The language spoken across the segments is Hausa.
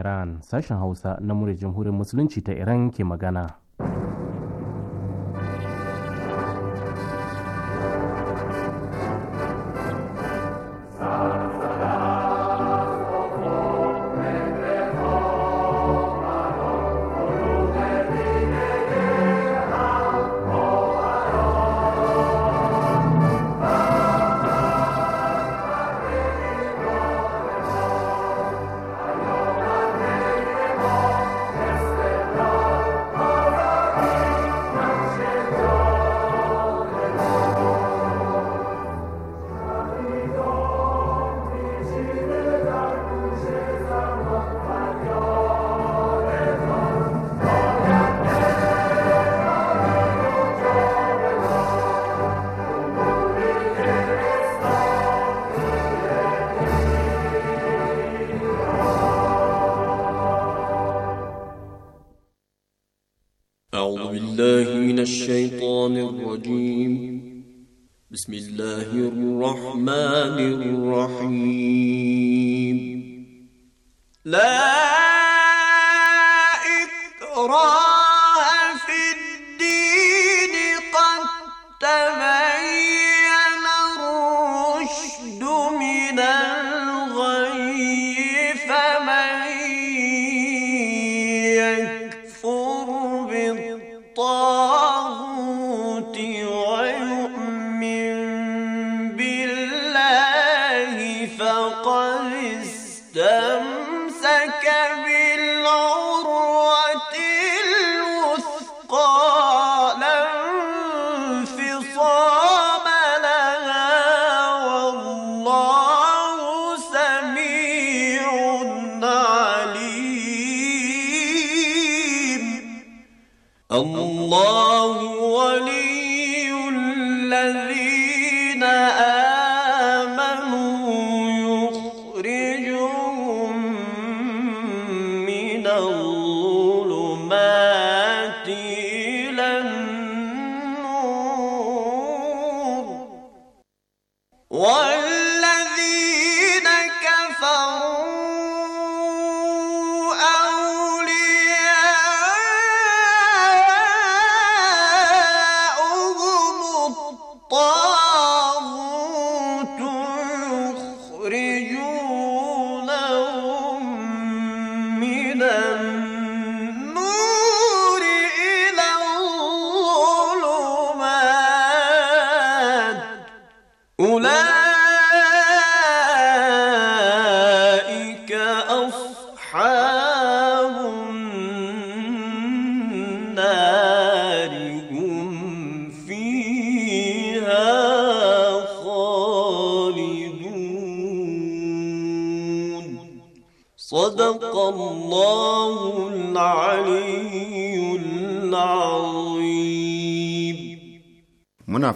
Iran sashen Hausa na muryar jamhuriyar musulunci ta Iran ke magana.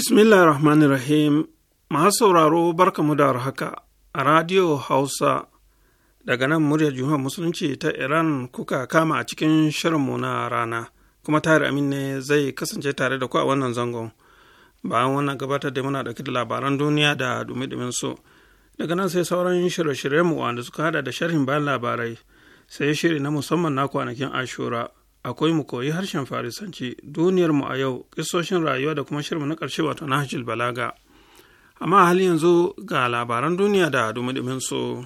Bismillah rahmanir rahim masu sauraro barkamu da haka a radio Hausa daga nan muryar Jihar Musulunci ta Iran kuka kama a cikin shirinmu na rana kuma tare amin ne zai kasance tare da ku a wannan zangon bayan wannan gabatar da muna ɗauki da labaran duniya da dumi su daga nan sai sauran shirye-shiryenmu wanda suka hada da sharhin bayan labarai sai shiri na musamman na kwanakin ashura akwai mu koyi harshen farisanci duniyar mu a yau kisoshin rayuwa da kuma shirmu na ƙarshe wato nahjul balaga amma a hali yanzu ga labaran duniya da dumi su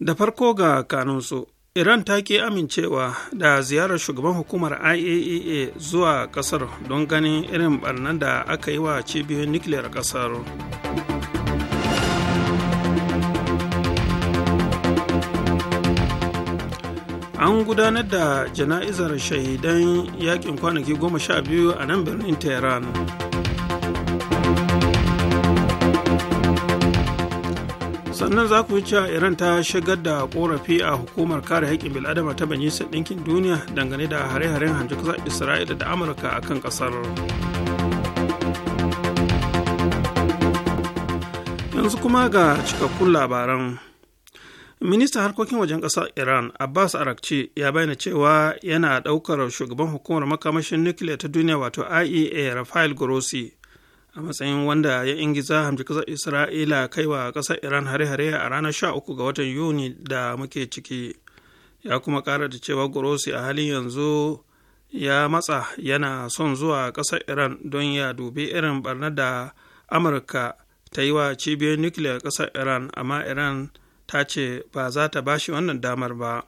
da farko ga kanunsu iran ta ke amincewa da ziyarar shugaban hukumar iaea e zuwa kasar don ganin irin barnan da aka yi wa cibiyoyin nukiliyar kasar an gudanar da jana'izar shahidan yakin kwanaki goma sha biyu a nan birnin tehran sannan za ku cewa iran ta shigar da korafi a hukumar kare haƙƙin bil'adama ta majalisar ɗinkin duniya dangane da hare-haren hanjikasar isra'ila da amurka a kan ƙasar yanzu kuma ga cikakkun labaran ministan harkokin wajen ƙasar iran abbas arakci ya bayyana cewa yana ɗaukar shugaban hukumar makamashin nukiliya ta duniya wato iea rafael grossi a matsayin wanda ya ingiza hamji ƙasar isra'ila kaiwa ƙasar iran hare-hare a ranar 13 ga watan yuni da muke ciki ya kuma kara da cewa gorosi a halin yanzu ya matsa yana son zuwa ƙasar iran don ya dubi irin barna da amurka ta yi wa cibiyar nukiliyar ƙasar iran amma iran ta ce ba za ta ba wannan damar ba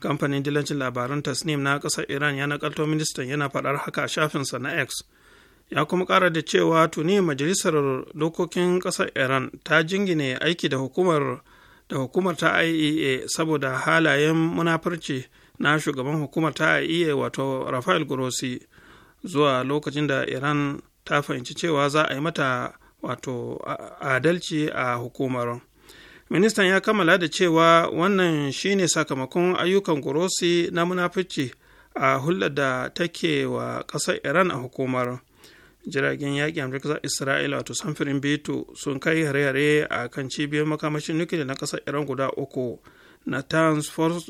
kamfanin dilancin labaran tasnim na ƙasar iran ya nakalto ministan yana faɗar haka a shafinsa na x ya kuma kara da cewa tuni majalisar dokokin kasar iran ta jingine aiki da hukumar da hukumar ta iea saboda halayen munafurci na shugaban hukumar ta iea wato rafael grossi zuwa lokacin da iran ta fahimci cewa za a yi mata wato adalci a hukumar ministan ya kammala da cewa wannan shine sakamakon ayyukan grossi na munafurci a hulɗar da take wa ƙasar iran a hukumar jiragen yaƙi amurka za isra'ila wato samfirin beto sun kai hare-hare a kan cibiyar makamashin nukili na ƙasar iran guda uku na tans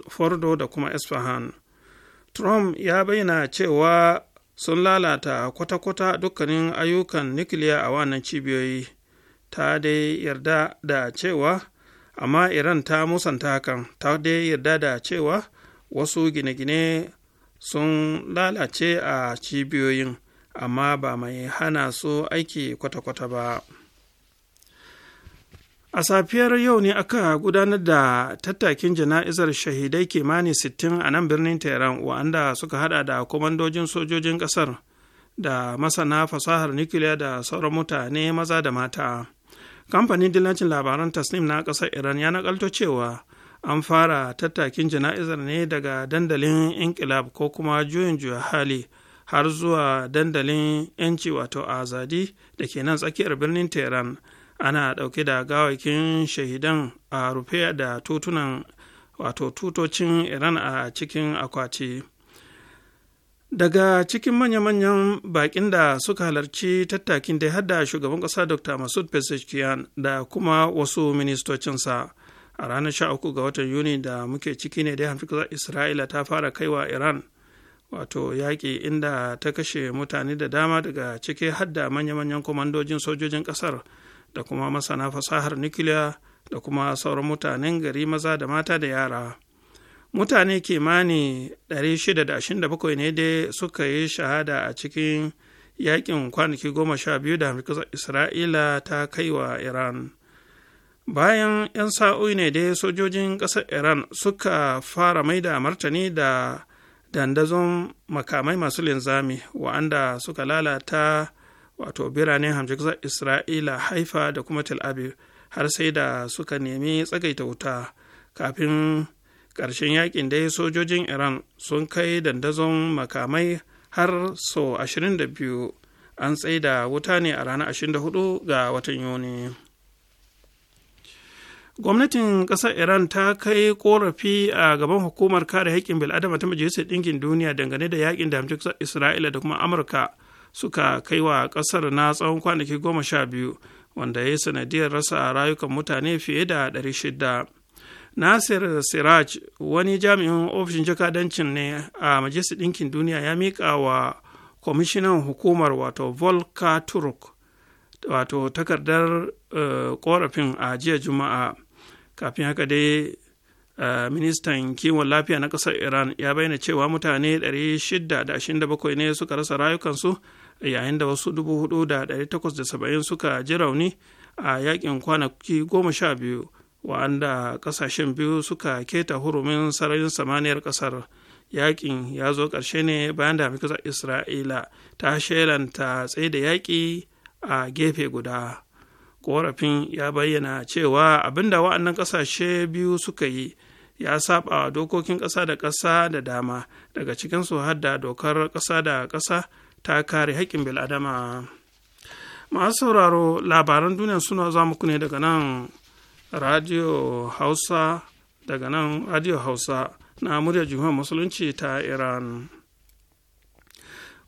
fordo da kuma isfahan trump ya bayyana cewa sun lalata kwata-kwata dukkanin ayyukan nukiliya a wannan cibiyoyi ta dai yarda da cewa amma iran ta musanta hakan ta dai yarda da cewa wasu gine-gine sun lalace a cibiyoyin amma ba mai hana su aiki kwata-kwata ba a safiyar yau ne aka gudanar da tattakin jana'izar shahidai kimanin sittin a nan birnin tehran wanda suka hada da kwamandojin sojojin kasar da masana fasahar nukiliya da sauran mutane maza da mata kamfanin dillacin labaran tasnim na kasar iran ya nakalto cewa an fara tattakin jana'izar ne daga dandalin inkilab ko kuma juyin juya hali har zuwa dandalin 'yanci wato azadi da ke nan tsakiyar birnin tehran ana ɗauke da gawakin shahidan a rufe da tutunan wato tutocin iran a cikin akwati daga cikin manya-manyan bakin da suka halarci tattakin da hada shugaban ƙasa dr masud pezeshkian da kuma wasu ministocinsa a ranar 13 ga watan yuni da muke ciki ne dai hanfi isra'ila ta fara kaiwa iran wato yaƙi inda ta kashe mutane da dama daga ciki hadda manya-manyan kwamandojin sojojin ƙasar da kuma masana fasahar nukiliya da kuma sauran mutanen gari maza da mata da yara mutane kimani 627 ne dai suka yi shahada a cikin yaƙin kwanaki goma sha biyu da isra'ila ta kai wa iran bayan 'yan sa'o'i ne dai sojojin ƙasar iran suka fara mai da martani da dandazon makamai masu linzami wa'anda suka lalata wato biranen hamjikzar isra'ila haifa da kuma tel aviv har sai da suka nemi tsagaita wuta kafin ƙarshen yakin dai sojojin iran sun kai dandazon makamai har sau 22 an tsaida wuta ne a ranar 24 ga watan yuni gwamnatin ƙasar iran ta kai korafi a gaban hukumar kare haƙƙin bil'adama ta majalisar ɗinkin duniya dangane da yaƙin da hamsin isra'ila da kuma amurka suka kai wa ƙasar na tsawon kwanaki goma sha biyu wanda ya yi sanadiyar rasa rayukan mutane fiye da ɗari shida nasir siraj wani jami'in ofishin jakadancin ne a majalisar ɗinkin duniya ya miƙa wa kwamishinan hukumar wato volka turk wato takardar korafin eh, a jiya juma'a kafin haka dai ministan kiwon lafiya na ƙasar iran ya bayyana cewa mutane 627 ne suka rasa rayukansu yayin da wasu 4,870 suka ji rauni a yakin kwanaki 12 wa'anda ƙasashen biyu suka keta hurumin sararin samaniyar ƙasar yakin ya zo ƙarshe ne bayan da isra'ila ta shelanta tsaye da yaƙi a gefe guda korafin ya bayyana cewa abinda wa'annan ƙasashe biyu suka yi ya saba dokokin ƙasa da ƙasa da dama daga cikinsu har da dokar ƙasa da ƙasa ta kare haƙƙin bil'adama masu sauraro labaran duniya suna za muku ne daga nan radio hausa daga nan radio hausa na muryar jihar musulunci ta iran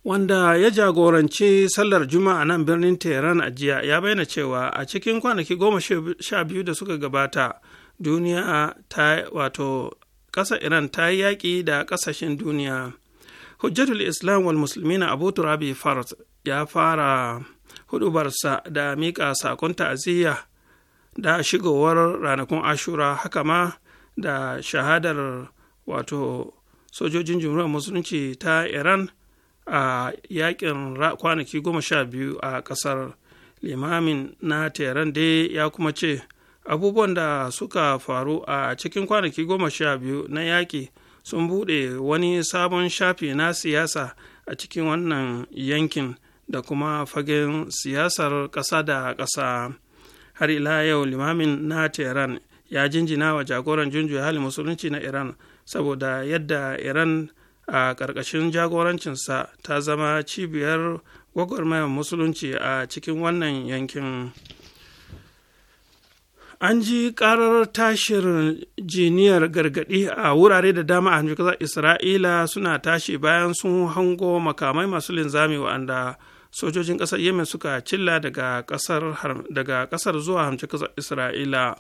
wanda ya jagoranci sallar juma'a nan birnin tehran a jiya ya bayyana cewa a cikin kwanaki goma sha biyu da suka gabata duniya ta wato ƙasar iran ta yi yaƙi da ƙasashen duniya hujjatul islam wal musulmina abu turabi fars ya fara hudubarsa da miƙa saƙon ta'aziyya da shigowar ranakun ashura haka ma da shahadar wato sojojin jumhuriyar musulunci ta iran a yakin kwanaki goma sha biyu a ƙasar limamin na teran dai ya kuma ce abubuwan da suka faru a cikin kwanaki goma sha biyu na yaƙi sun buɗe wani sabon shafi na siyasa a cikin wannan yankin da kuma fagen siyasar ƙasa da ƙasa har ila yau limamin na tehran ya jinjina wa jagoran junjuya hali musulunci na iran saboda yadda iran a ƙarƙashin jagorancinsa ta zama cibiyar gwagwarmayar musulunci a cikin wannan yankin an ji ƙarar tashin jiniyar gargadi a wurare da dama a kasar isra'ila suna tashi bayan sun hango makamai masu linzami wa'anda sojojin kasar yemen suka cilla daga ƙasar zuwa hamci kasar isra'ila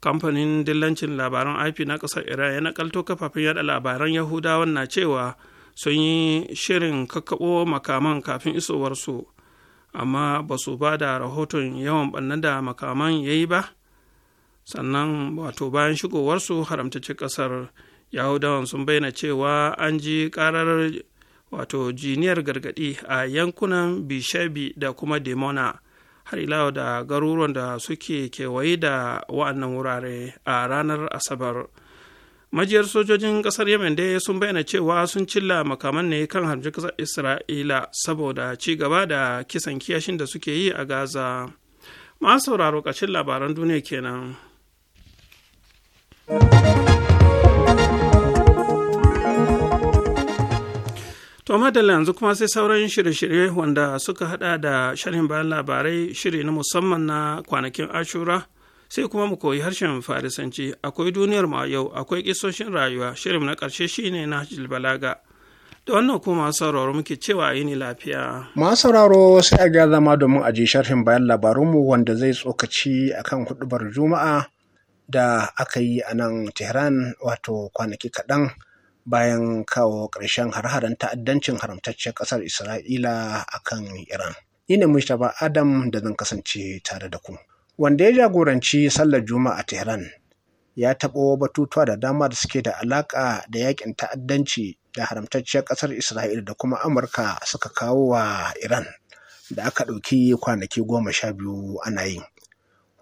kamfanin dillancin labaran ip na ƙasar iran ya nakalto kafafen yada labaran yahudawan na cewa sun yi shirin kakkaɓo makaman kafin isowarsu amma ba su ba da rahoton yawan ɓannan da makaman ya yi ba sannan wato bayan shigowarsu haramtacce ƙasar yahudawan sun bayyana cewa an ji ƙarar wato jiniyar gargaɗi a yankunan bishabi da kuma demona har ila da garuruwan da suke kewaye da wa'annan wurare a ranar asabar majiyar sojojin kasar yemen dai sun bayyana cewa sun cilla makaman ne kan harjin kasar isra'ila saboda ci gaba da kisan kiyashin da suke yi a gaza masu sauraro kacin labaran duniya kenan. To madalla yanzu kuma sai sauran shirye-shirye wanda suka hada da sharhin bayan labarai shiri na musamman na kwanakin ashura sai kuma mu koyi harshen farisanci akwai duniyar ma yau akwai kisoshin rayuwa shirin na karshe shine na balaga da wannan kuma sauraro muke cewa yini lafiya. Ma sauraro sai a ga zama domin aji sharhin bayan labarunmu wanda zai tsokaci akan hudubar juma'a da aka yi a nan Tehran wato kwanaki kaɗan bayan kawo ƙarshen har-haren ta'addancin haramtaccen ƙasar Isra'ila a kan Iran. Ni ne Mustapha Adam da zan kasance tare da ku. Wanda ya jagoranci sallar Juma'a a Tehran ya taɓo batutuwa da dama da suke da alaƙa da yaƙin ta'addanci da haramtacciyar ƙasar Isra'ila da kuma Amurka suka kawo wa Iran da aka ɗauki kwanaki goma sha biyu ana yi.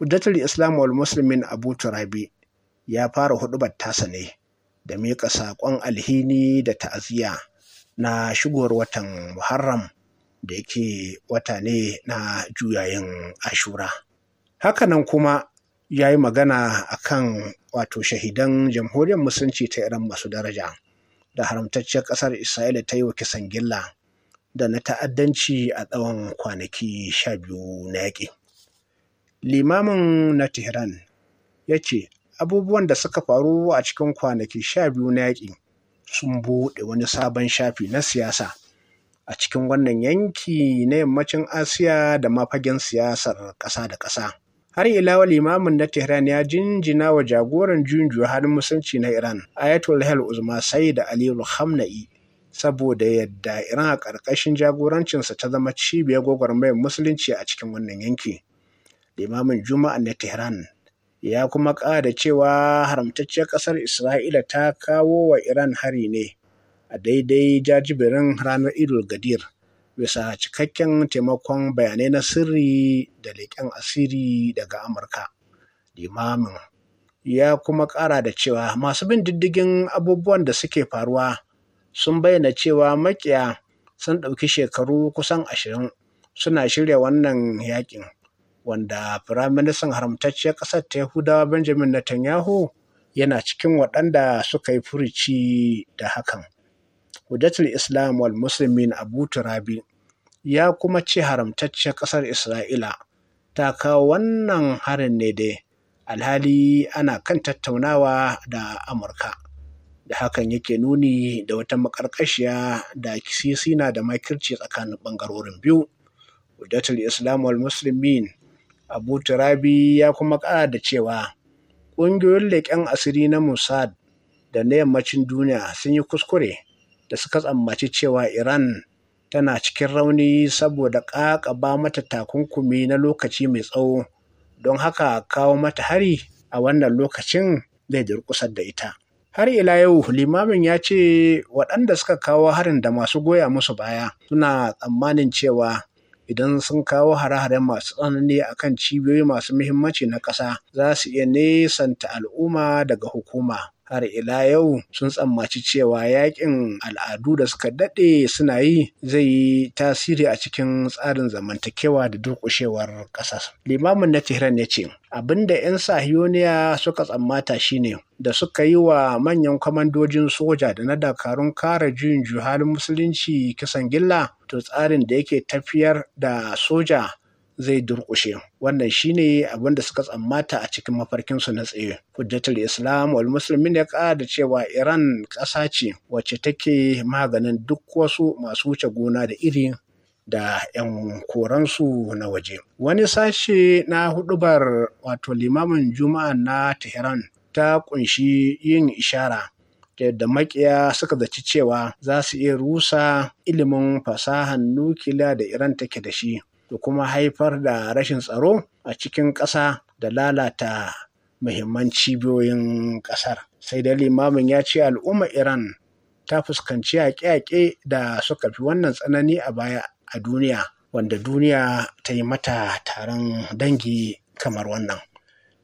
hujjatar Islam wal Muslimin Abu Turabi ya fara huɗubar tasa ne da miƙa saƙon alhini da ta'aziyya na shigowar watan Muharram da yake wata ne na juyayin Ashura. Hakanan kuma ya yi magana a kan wato shahidan jamhuriyar musulunci ta irin masu daraja da haramtacciyar ƙasar Isra'ila ta yi wa kisan gilla da na ta'addanci a tsawon kwanaki sha biyu na yaƙi. Limamin na Tehran ya ce, abubuwan da suka faru a cikin kwanaki sha biyu na yaƙi sun buɗe wani sabon shafi na siyasa a cikin wannan yanki na yammacin asiya da mafagen siyasar ƙasa da ƙasa har ilawa limamin na tehran ya jinjina wa jagoran juyin halin musulunci na iran ayatollah uzma da aliyu hamna'i saboda yadda iran a ƙarƙashin jagorancinsa ta zama cibiyar gwagwarmayar musulunci a cikin wannan yanki limamin juma'a na tehran ya kuma ƙara cewa haramtacciyar ƙasar isra'ila ta kawo wa iran hari ne a daidai jajibirin ranar idul gadir bisa cikakken taimakon bayanai na sirri da leƙen asiri daga amurka limamin ya kuma ƙara da cewa masu bin diddigin abubuwan da suke faruwa sun bayyana cewa makiya sun ɗauki shekaru kusan ashirin suna shirya wannan yakin wanda firaministan haramtacciyar ƙasar ta yahudawa benjamin netanyahu yana cikin waɗanda suka yi furici da hakan hujjatul islam wal muslimin abu turabi ya kuma ce haramtacciyar ƙasar isra'ila ta kawo wannan harin ne dai alhali ana kan tattaunawa da amurka da hakan yake nuni da wata maƙarƙashiya da kisisi na da makirci tsakanin ɓangarorin biyu hujjatul islam wal muslimin Abu Turabi ya kuma kara da cewa ƙungiyoyin leƙen asiri na Mossad da na yammacin duniya sun yi kuskure da suka tsammaci cewa Iran tana cikin rauni saboda ƙaƙaba mata takunkumi na lokaci mai tsawo don haka kawo mata hari a wannan lokacin zai durƙusar da ita. Har ila yau limamin ya ce waɗanda suka kawo harin da masu goya musu baya suna tsammanin cewa idan sun kawo hare-hare masu tsanani a kan cibiyoyi masu muhimmanci na ƙasa za su iya nesanta al'umma daga hukuma har ila yau sun tsammaci cewa yakin al'adu da suka daɗe suna yi zai yi tasiri a cikin tsarin zamantakewa da durƙushewar ƙasa limamin na tehran ya ce abinda 'yan sahiyoniya suka tsammata shine da suka yi wa manyan kwamandojin soja da na dakarun kare juyin juhalin musulunci kisan gilla to tsarin da yake tafiyar da soja zai durƙushe wannan shine abin da suka tsammata a cikin mafarkin su na tsaye hujjatul islam wal muslimin ya ƙara cewa iran ƙasa ce wacce take maganin duk wasu masu wuce gona da iri da 'yan koransu na waje wani sashe na hudubar wato limamin juma'a na tehran ta kunshi yin ishara yadda makiya suka zaci cewa za su iya rusa ilimin fasahan nukiliya da iran take da shi da kuma haifar da rashin tsaro a cikin ƙasa da lalata muhimman cibiyoyin ƙasar. Sai dai limamin ya ce al'ummar Iran ta fuskanci yaƙe-yaƙe da suka fi wannan tsanani a baya a duniya, wanda duniya ta yi mata taron dangi kamar wannan.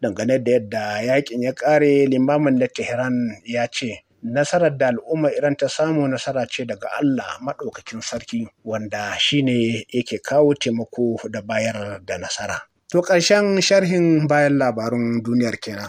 Dangane da yadda yaƙin ya ƙare limamin na Tehran ya ce, nasarar da al'umma idan ta samu nasara ce daga Allah maɗaukakin sarki wanda shi ne yake kawo taimako da bayar da nasara. To ƙarshen sharhin bayan labarun duniyar kenan.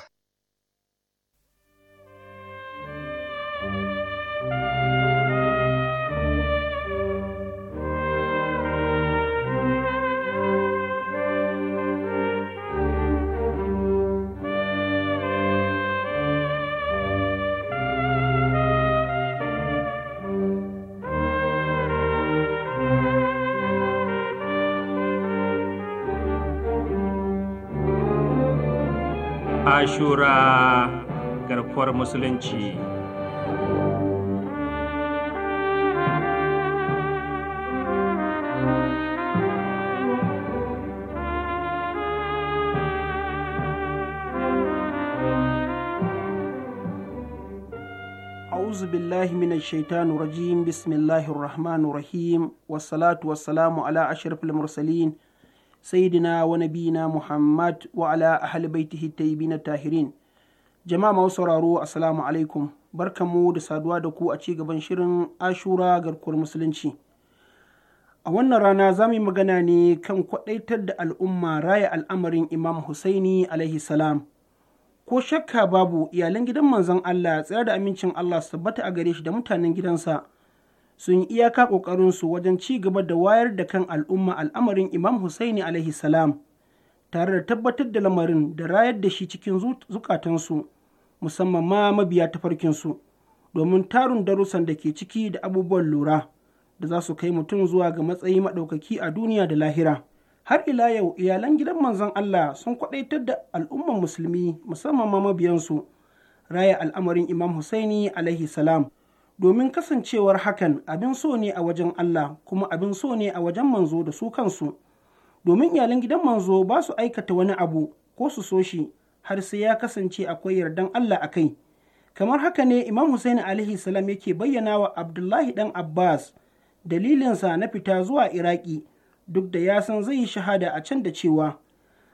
ashura garkuwar musulunci min shaitanu rajim bismillahir rahmanir rahim wassalatu wassalamu ala ashrafil mursalin Sa'idina sayidina wa nabiyina muhammad wa ala ahli baitihi na tahirin jama'a masu sauraro assalamu alaikum mu da saduwa da ku a ci gaban shirin ashura garkuwar musulunci a wannan rana za mu yi magana ne kan kwaɗaitar da al'umma raya al'amarin imam husaini alaihi salam ko shakka babu iyalan gidan manzon allah tsayar da amincin allah su tabbata a gare shi da mutanen gidansa sun yi iyaka ƙoƙarinsu wajen ci gaba da wayar da kan al'umma al'amarin imam husaini alaihi salam tare da tabbatar da lamarin da rayar da shi cikin zukatansu musamman ma mabiya tafarkinsu domin tarun darussan da ke ciki da abubuwan lura da za su kai mutum zuwa ga matsayi maɗaukaki a duniya da lahira har ila yau iyalan gidan manzon Allah sun kwaɗaitar da al'umman musulmi musamman ma mabiyansu raya al'amarin imam Husaini alaihi salam domin kasancewar hakan abin so ne a wajen Allah kuma abin so ne a wajen manzo da su kansu domin iyalin gidan manzo ba su aikata wani abu ko su so shi har sai ya kasance akwai yardan Allah a kai kamar haka ne imam Hussein alaihi salam yake bayyana wa Abdullahi dan Abbas dalilinsa na fita zuwa Iraki duk da ya san zai yi shahada a can da cewa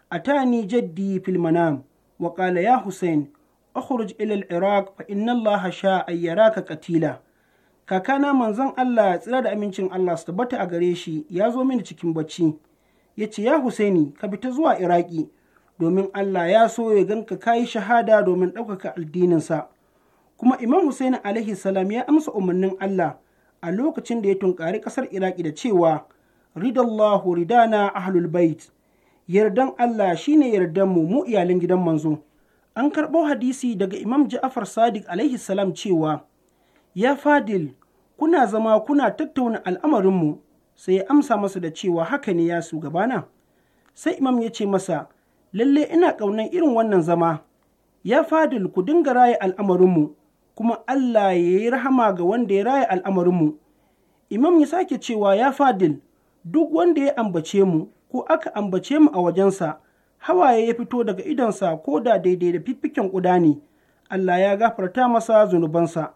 atani jaddi fil manam wa qala ya Hussein akhruj ila al-iraq fa inna Allah sha an yaraka qatila kakana manzon Allah tsira da amincin Allah su tabbata a gare shi ya zo mini cikin bacci ya ce ya Husaini ka ta zuwa Iraki domin Allah ya so ya ganka kayi shahada domin ɗaukaka addininsa kuma Imam Husaini alaihi salam ya amsa umarnin Allah a lokacin da ya tunkari ƙasar Iraki da cewa ridallahu ridana ahlul bait yardan Allah shine yardan mu mu iyalin gidan manzo an karɓo hadisi daga imam ja'afar sadiq alaihi salam cewa ya fadil kuna zama kuna tattauna al'amarinmu sai ya amsa masa da cewa haka ne ya shugabana sai imam ya ce masa lalle ina ƙaunar irin wannan zama ya fadil ku dinga raya al'amarinmu kuma allah ya yi rahama ga wanda ya raya al'amarinmu imam ya sake cewa ya fadil duk wanda ya ambace mu ko aka ambace mu a wajensa hawaye ya fito daga idonsa ko da daidai da fiffiken ƙuda ne Allah ya gafarta masa zunubansa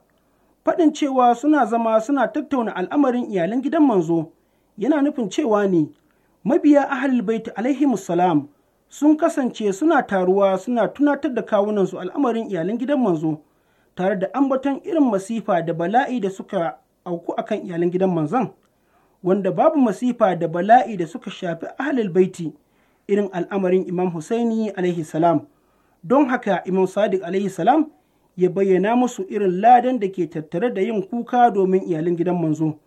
faɗin cewa suna zama suna tattauna al'amarin iyalin gidan manzo yana nufin cewa ne mabiya ahalil bait alaihi salam sun kasance suna taruwa suna tunatar da kawunansu al'amarin iyalin gidan manzo tare da ambaton irin masifa da bala'i da suka auku akan iyalin gidan manzon wanda babu masifa da bala'i da suka shafi ahalil baiti irin al'amarin Imam Husaini alaihi salam. Don haka Imam Sadiq alaihi salam ya bayyana musu irin ladan da ke tattare da yin kuka domin iyalin gidan manzo.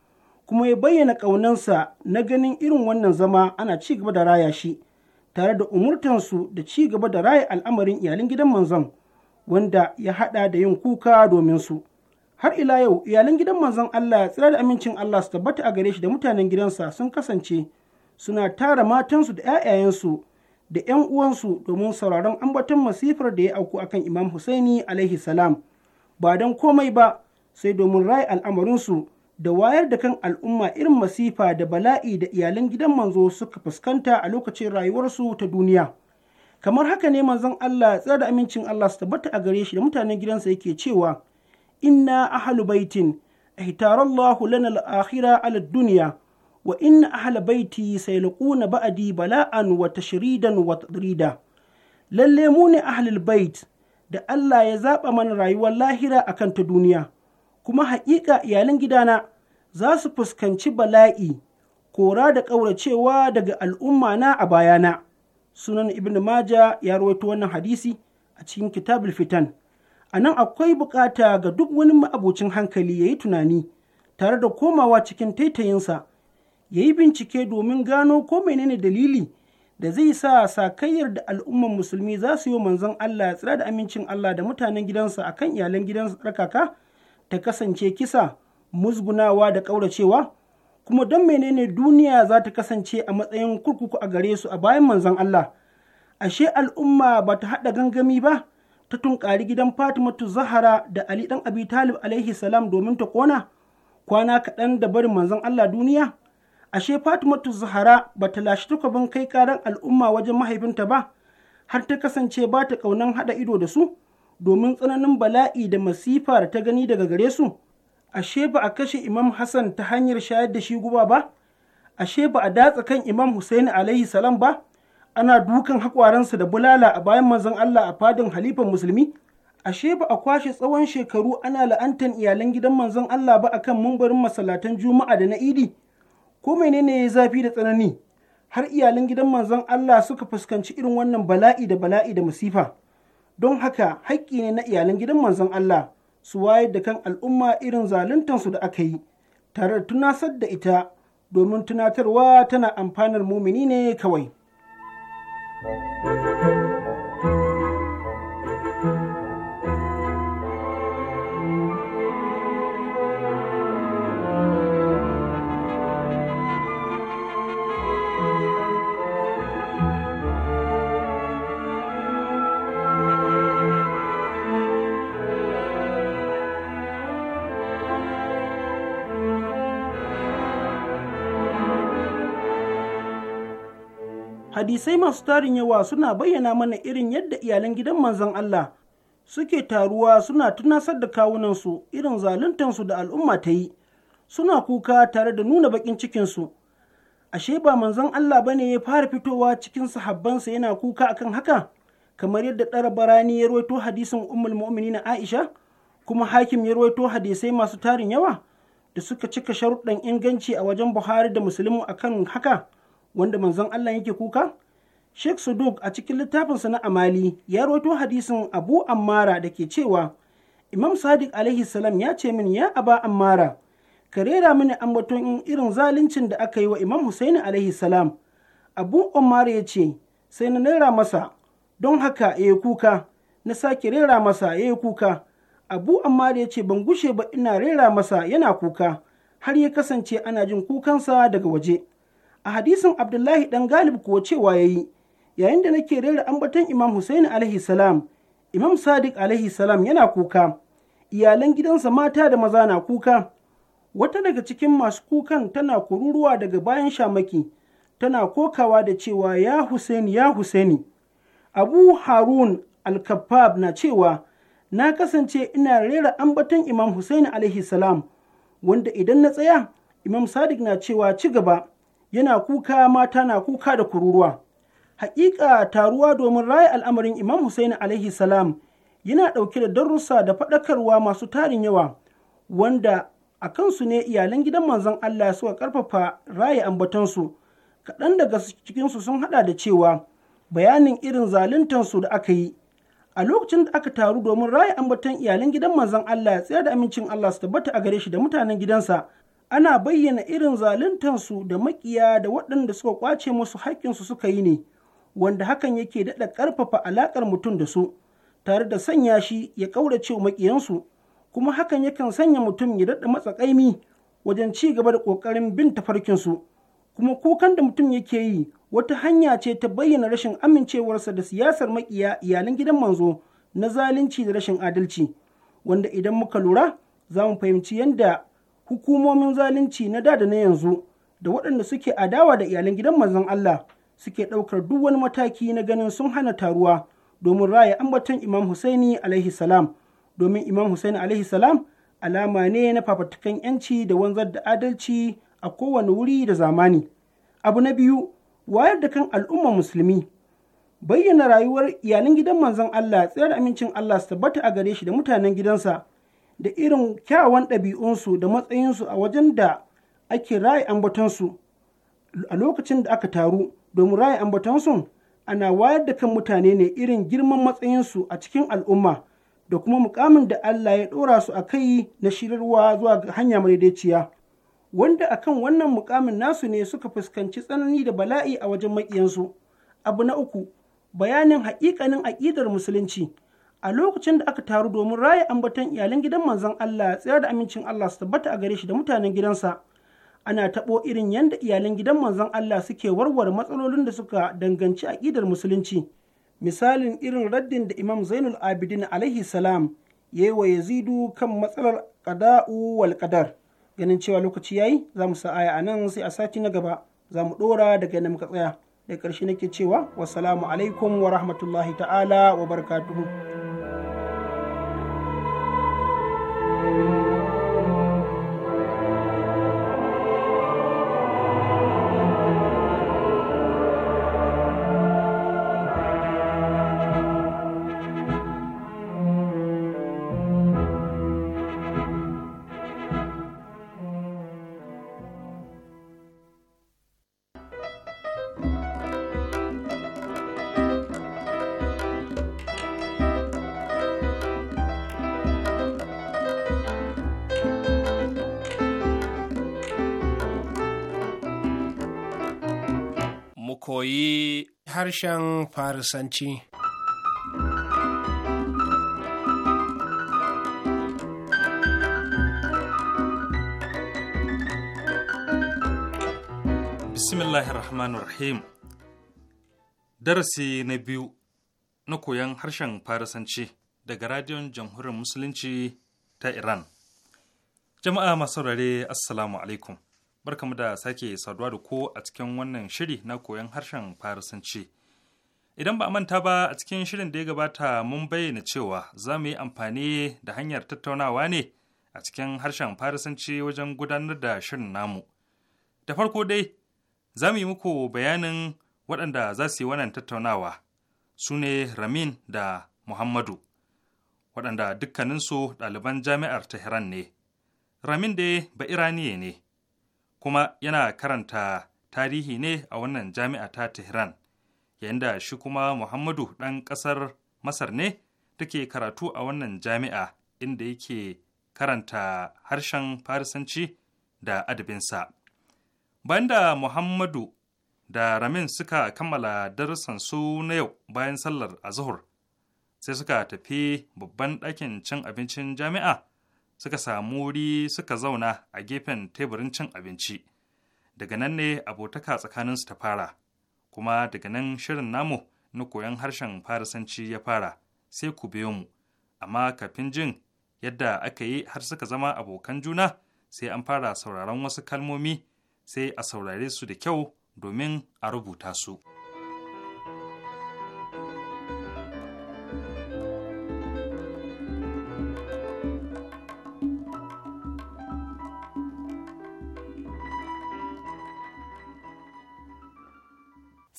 Kuma ya bayyana ƙaunansa na ganin irin wannan zama ana ci gaba da raya shi, tare da umurtansu da ci gaba da raya al'amarin iyalin gidan manzon, wanda ya haɗa da yin kuka domin su. har ila yau iyalin gidan manzon Allah ya tsira da amincin Allah su tabbata a gare shi da mutanen gidansa sun kasance suna tara matansu da 'ya'yayensu da 'yan uwansu domin sauraron ambaton masifar da ya auku akan imam husaini alaihi salam ba don komai ba sai domin raya al'amarinsu da wayar da kan al'umma irin masifa da bala'i da iyalan gidan manzo suka fuskanta a lokacin rayuwarsu ta duniya kamar haka ne manzon Allah tsara da amincin Allah su tabbata a gare shi da mutanen gidansa yake cewa inna ahlu baitin ihtarallahu lana al-akhira ala dunya wa inna ahla baiti sayalquna ba'adi bala'an wa tashridan wa tadrida lalle mu ne ahlul bait da Allah ya zaba mana rayuwar lahira akan ta duniya kuma haƙiƙa iyalan gidana za su fuskanci bala'i kora da ƙauracewa daga al'umma na a bayana sunan ibn maja ya rawaito wannan hadisi a cikin kitabul fitan a nan akwai bukata ga duk wani ma'abocin hankali ya yi tunani tare da komawa cikin taitayinsa ya yi bincike domin gano ko menene dalili da zai sa sakayyar da al'ummar musulmi za su yi manzon Allah ya tsira da amincin Allah da mutanen gidansa akan iyalan gidansa tsarkaka ta kasance kisa musgunawa da ƙauracewa kuma don menene duniya za ta kasance a matsayin kurkuku a gare su a bayan manzon Allah ashe al'umma ba ta haɗa gangami ba ta tunƙari gidan Fatimatu Zahra da Ali ɗan Abi Talib alaihi salam domin ta kona kwana kaɗan da barin manzon Allah duniya ashe Fatimatu Zahara ba ta lashe takwabin kai karan al'umma wajen mahaifinta ba har ta kasance ba ta ƙaunan haɗa ido da su domin tsananin bala'i da masifa da ta gani daga gare su ashe ba a kashe Imam Hassan ta hanyar shayar da shi guba ba ashe ba a datsa kan Imam Hussein alaihi salam ba ana dukan haƙwaransa da bulala a bayan manzon Allah a fadin halifan musulmi ashe ba a kwashe tsawon shekaru ana la'antar iyalan gidan manzon Allah ba akan mumbarin masallatan juma'a da na idi ko menene zafi da tsanani har iyalan gidan manzon Allah suka fuskanci irin wannan bala'i da bala'i da masifa don haka haƙƙi ne na iyalan gidan manzon Allah su wayar da kan al'umma irin su da aka yi tare da tunasar da ita domin tunatarwa tana amfanar mumini ne kawai. hadisai masu tarin yawa suna bayyana mana irin yadda iyalan gidan manzon Allah suke taruwa suna tunasar da kawunansu irin zaluntansu da al'umma ta yi suna kuka tare da nuna baƙin cikinsu ashe ba manzon Allah ba ne ya fara fitowa cikin sahabbansa yana kuka akan haka kamar yadda ɗara barani ya rawaito hadisin ummul mu'minin Aisha kuma hakim ya rawaito hadisai masu tarin yawa da suka cika sharuɗan inganci a wajen Buhari da Muslimu akan haka wanda manzon Allah yake kuka? Sheikh Suduk a cikin littafinsa na Amali ya roto hadisin Abu Ammara da ke cewa Imam Sadiq alaihi salam ya ce min ya aba Ammara ka rera mini ambaton irin zaluncin da aka yi wa Imam Husaini alaihi salam. Abu Ammara ya ce sai na rera masa don haka ya eh, yi kuka na sake rera masa ya eh, yi kuka. Abu Ammara ya ce ban gushe ba ina rera masa yana kuka har ya kasance ana jin kukansa daga waje. a hadisin abdullahi dan galib kuwa cewa ya yi. yayin da nake rera ambaton imam husaini alaihi salam imam sadiq alaihi salam yana kuka iyalan gidansa mata da maza na kuka wata daga cikin masu kukan tana kururuwa daga bayan shamaki tana kokawa da cewa ya husaini ya husaini abu harun alkabab na cewa na kasance ina rera ambaton imam husaini alaihi salam wanda idan na tsaya imam sadiq na cewa ci gaba yana kuka mata na kuka da kururuwa haƙiƙa taruwa domin raya al'amarin imam Hussein alaihi salam yana ɗauke da darussa da faɗakarwa masu tarin yawa wanda a kansu ne iyalan gidan manzon Allah suka ƙarfafa raya ambatansu kaɗan daga cikinsu sun haɗa da cewa bayanin irin zaluntansu da aka yi a lokacin da aka taru domin raya ambatan iyalan gidan manzon Allah tsaye da amincin Allah su tabbata a gare shi da mutanen gidansa ana bayyana irin zaluntansu da makiya da waɗanda suka kwace musu haƙƙinsu suka yi ne, wanda hakan yake daɗa ƙarfafa alaƙar mutum da su, tare da sanya shi ya ƙaurace maƙiyansu, kuma hakan yakan sanya mutum ya daɗa matsakaimi wajen ci gaba da ƙoƙarin bin tafarkinsu. Kuma kukan da mutum yake yi wata hanya ce ta bayyana rashin amincewarsa da siyasar maƙiya iyalan gidan manzo na zalunci da rashin adalci, wanda idan muka lura za mu fahimci yadda hukumomin zalunci na da da na yanzu da waɗanda suke adawa da iyalan gidan manzon Allah suke ɗaukar duk wani mataki na ganin sun hana taruwa domin raya ambaton Imam Husaini alaihi salam domin Imam Husaini alaihi salam alama ne na fafatukan yanci da wanzar da adalci a kowane wuri da zamani. Abu na biyu wayar da kan al'ummar musulmi bayyana rayuwar iyalan gidan manzon Allah tsayar amincin Allah su tabbata a gare shi da mutanen gidansa da irin kyawawan ɗabi'unsu da matsayinsu a wajen da ake raye ambatonsu a lokacin da aka taru domin raye ambatonsu ana wayar da kan mutane ne irin girman matsayinsu a cikin al'umma da kuma mukamin da Allah ya ɗora su a kai na shirarwa zuwa ga hanya madaidaiciya wanda akan wannan mukamin nasu ne suka fuskanci tsanani da bala'i a wajen maƙiyansu abu na uku bayanin haƙiƙanin aƙidar musulunci a lokacin da aka taru domin raya ambaton iyalan gidan manzon Allah tsaya da amincin Allah su tabbata a gare shi da mutanen gidansa ana taɓo irin yadda iyalan gidan manzon Allah suke warware matsalolin da suka danganci aƙidar musulunci misalin irin raddin da Imam Zainul Abidin alaihi salam yayi wa Yazidu kan matsalar qada'u wal qadar ganin cewa lokaci yayi zamu sa aya a nan sai a sati na gaba zamu mu ɗora daga nan muka tsaya da ƙarshe nake cewa wasalamu alaikum wa rahmatullahi ta'ala wa barakatuhu harshen Farisanci. Bismillahirrahmanirrahim. Darasi na biyu na koyon harshen Farisanci daga Radiyon Jamhuriyar Musulunci ta Iran. Jama'a masu rare Assalamu alaikum. barkamu da sake saduwa da ko a cikin wannan shiri na koyon harshen Farisanci. Idan ba a manta ba a cikin shirin da ya gabata mun bayyana cewa za mu yi amfani da hanyar tattaunawa ne a cikin harshen Farisanci wajen gudanar da shirin namu. Da farko dai, za mu yi muku bayanin waɗanda za su yi wannan tattaunawa su ne Ramin da Muhammadu, waɗanda dukkaninsu ɗaliban jami'ar Tehran ne. Ramin dai ba Iraniye ne. kuma yana karanta tarihi ne a wannan jami'a ta Tehran, yayin shi kuma Muhammadu ɗan ƙasar Masar ne take karatu a wannan jami'a inda yake karanta harshen Farisanci da adabinsa. Bayan da Muhammadu da Ramin suka kammala darussan su na yau bayan sallar a zuhur, sai suka tafi babban ɗakin cin abincin jami'a suka samu wuri suka zauna a gefen teburin cin abinci daga nan ne abotaka tsakaninsu ta fara kuma daga nan shirin namu na koyon harshen farisanci ya fara sai ku biyo mu amma kafin jin yadda aka yi har suka zama abokan juna sai an fara sauraron wasu kalmomi sai a saurare su da kyau domin a rubuta su.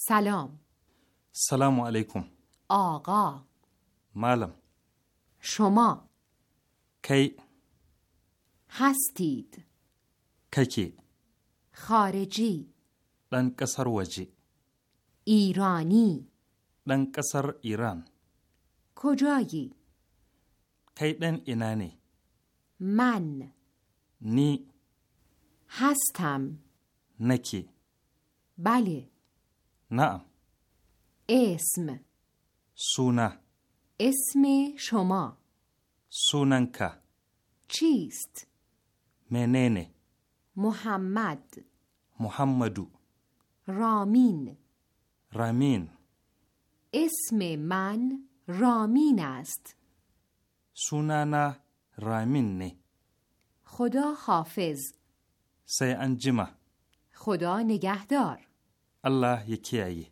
سلام سلام علیکم آقا معلم شما کی هستید ککی خارجی دن کسر وجی ایرانی دن کسر ایران کجایی کی دن اینانی من نی هستم نکی بله نعم اسم سونا اسم شما سوننکا چیست؟ مننه محمد محمدو رامین رامین اسم من رامین است سونانا رامین نه خدا حافظ سی انجمه خدا نگهدار Allah ya kiyaye.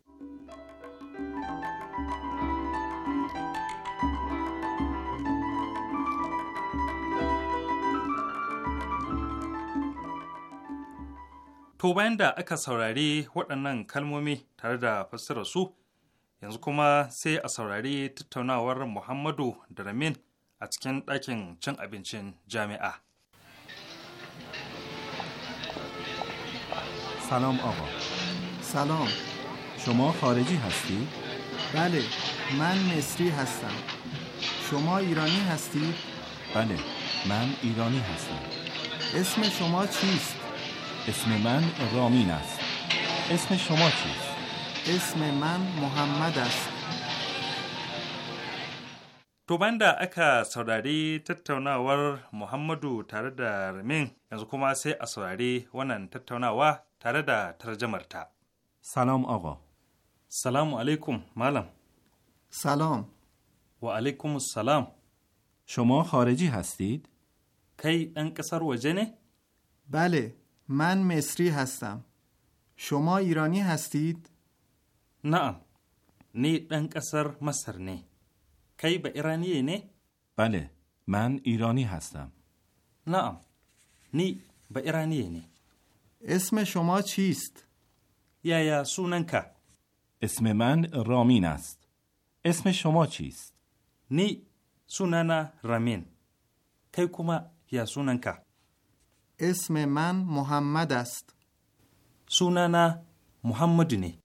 To bayan da aka saurari waɗannan kalmomi tare da fassararsu su, yanzu kuma sai a saurari tattaunawar Muhammadu da Ramin a cikin ɗakin cin abincin jami'a. Salam, آقا سلام شما خارجی هستی؟ بله من مصری هستم شما ایرانی هستی؟ بله من ایرانی هستم اسم شما چیست؟ اسم من رامین است اسم شما چیست؟ اسم من محمد است تو banda aka saurari tattaunawar Muhammadu tare da Ramin yanzu kuma sai a saurari wannan tattaunawa tare da سلام آقا سلام علیکم معلم سلام و علیکم السلام شما خارجی هستید؟ کی انکسر وجه وجنه؟ بله من مصری هستم شما ایرانی هستید؟ نه نی انکسر مصر نه کی به ایرانی نه؟ بله من ایرانی هستم نه نی به ایرانی نه اسم شما چیست؟ یا سوننکا اسم من رامین است اسم شما چیست؟ نی سونانا رامین کی یا سوننکا اسم من محمد است سونانا محمد نی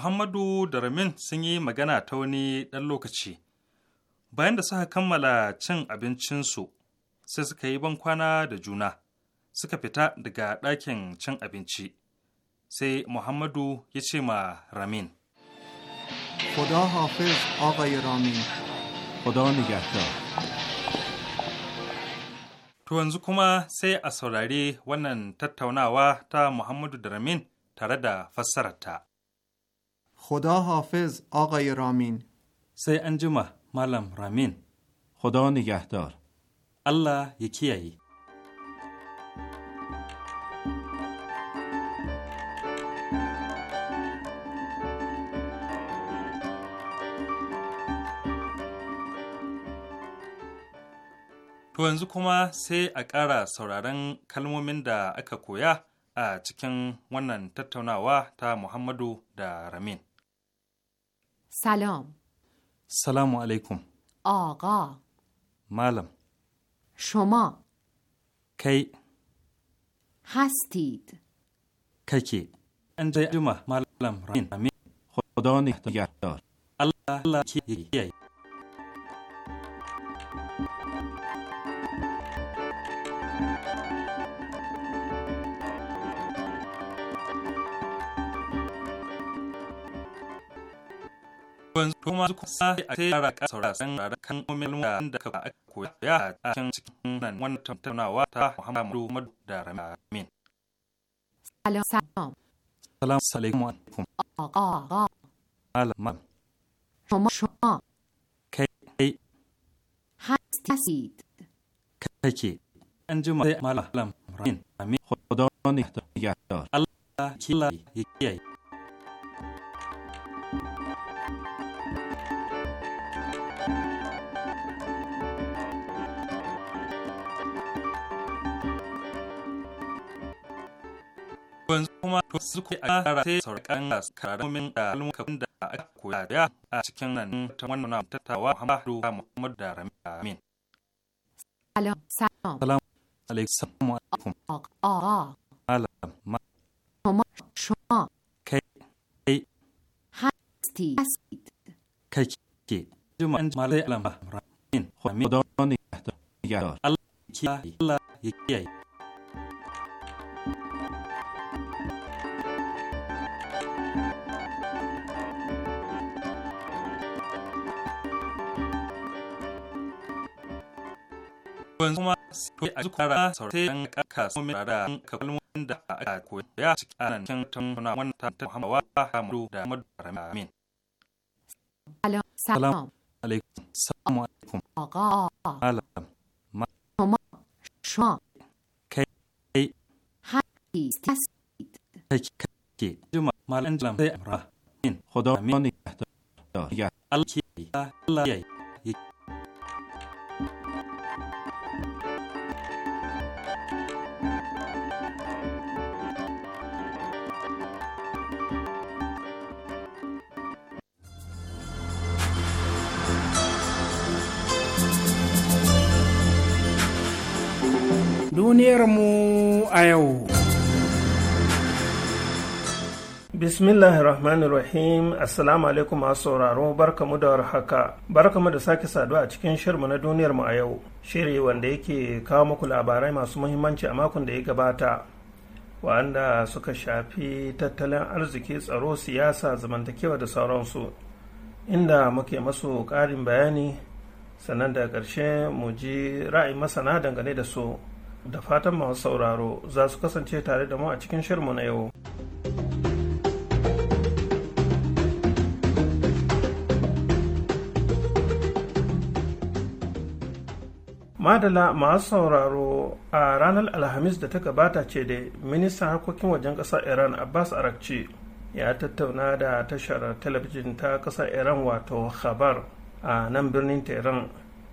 Muhammadu da Ramin sun yi magana ta wani ɗan lokaci. Bayan da suka kammala cin abincinsu, sai suka yi ban kwana da juna, suka fita daga ɗakin cin abinci. Sai Muhammadu ya ce ma Ramin. خدا حافظ آقای رامین خدا نگهدار To yanzu kuma sai a saurari wannan tattaunawa ta Muhammadu da Ramin tare da fassararta. خدا حافظ آقای رامین سی انجمه مالم رامین خدا نگهدار الله یکی ای. To yanzu kuma sai a ƙara sauraron kalmomin da aka koya a cikin wannan tattaunawa ta Muhammadu da Ramin. سلام سلام علیکم آقا معلم شما کی هستید کی. انجام معلم رین خدا دار. الله الله کی kun kuma zuku sa a kai yara ka saura san rara kan umarnin da ka aka koya a can. cikin nan wannan tattaunawa ta Muhammadu Madu da Rami Amin. Salam. Salam alaikum alaikum. Aqa. Alamam. Shoma shoma. Kai. Hastasid. Kake. An jima sai malam Rami Amin. Khuda ne ta Allah kila yake yayi. kuma su ku a kara sai saurakan domin da almukafin da aka koya da a cikin nan ta wannan tattawa Muhammadu Muhammadu da Ramin. Salam. Salam. Alaikum. Alaikum. Alaikum. Alaikum. Kai. Kai. Hasti. Kai ke. Juma an malai alamba. Ramin. Hwami. ya Allah. Kiyaye. Allah. Ya kiyaye. Kun kuma sai a zuku an kaka sun a ka kalmomin da aka koya cikin anan kin ta Hamadu da Muhammadu Amin. Salam alaikum. Salam alaikum. Aga. Alam. Ma. Ma. Sha. Kai. Hai. Kai kai. Juma malan sai amra. In. ya. Allah ya. mu a yau. Bismillahir Rahmanir Rahim Assalamu alaikum masu sauraro barkamu da warhaka barkamu da sake saduwa a cikin shirmu na duniyar mu a yau shiri wanda yake kawo muku labarai masu muhimmanci a makon da ya gabata wanda suka shafi tattalin arziki tsaro siyasa zamantakewa da sauransu inda muke masu ƙarin bayani sannan da ƙarshe mu ji ra'ayin masana dangane da su da fatan masu sauraro za su kasance tare da mu a cikin shirmu na yau. madala masu sauraro a ranar alhamis da ta gabata ce da ministan harkokin wajen ƙasar iran abbas arakci ya tattauna da tashar talabijin ta ƙasar iran wato khabar a nan birnin tehran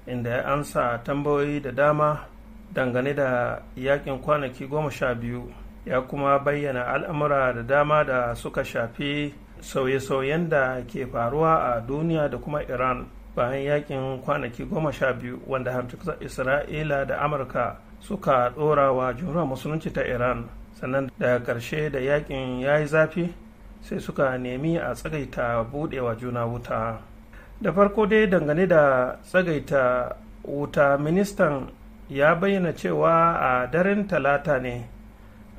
inda ya ansa tambayoyi da dama dangane da yakin kwanaki goma sha biyu ya kuma bayyana al'amura da dama da suka shafi sauye-sauyen da ke faruwa a duniya da kuma iran bayan yakin kwanaki goma sha biyu wanda hamtukar isra'ila da amurka suka dora wa jumhuriyar musulunci ta iran sannan daga karshe da yakin ya yi zafi sai suka nemi a tsagaita buɗewa juna wuta da farko dai dangane da tsagaita wuta ministan ya bayyana cewa a daren talata ne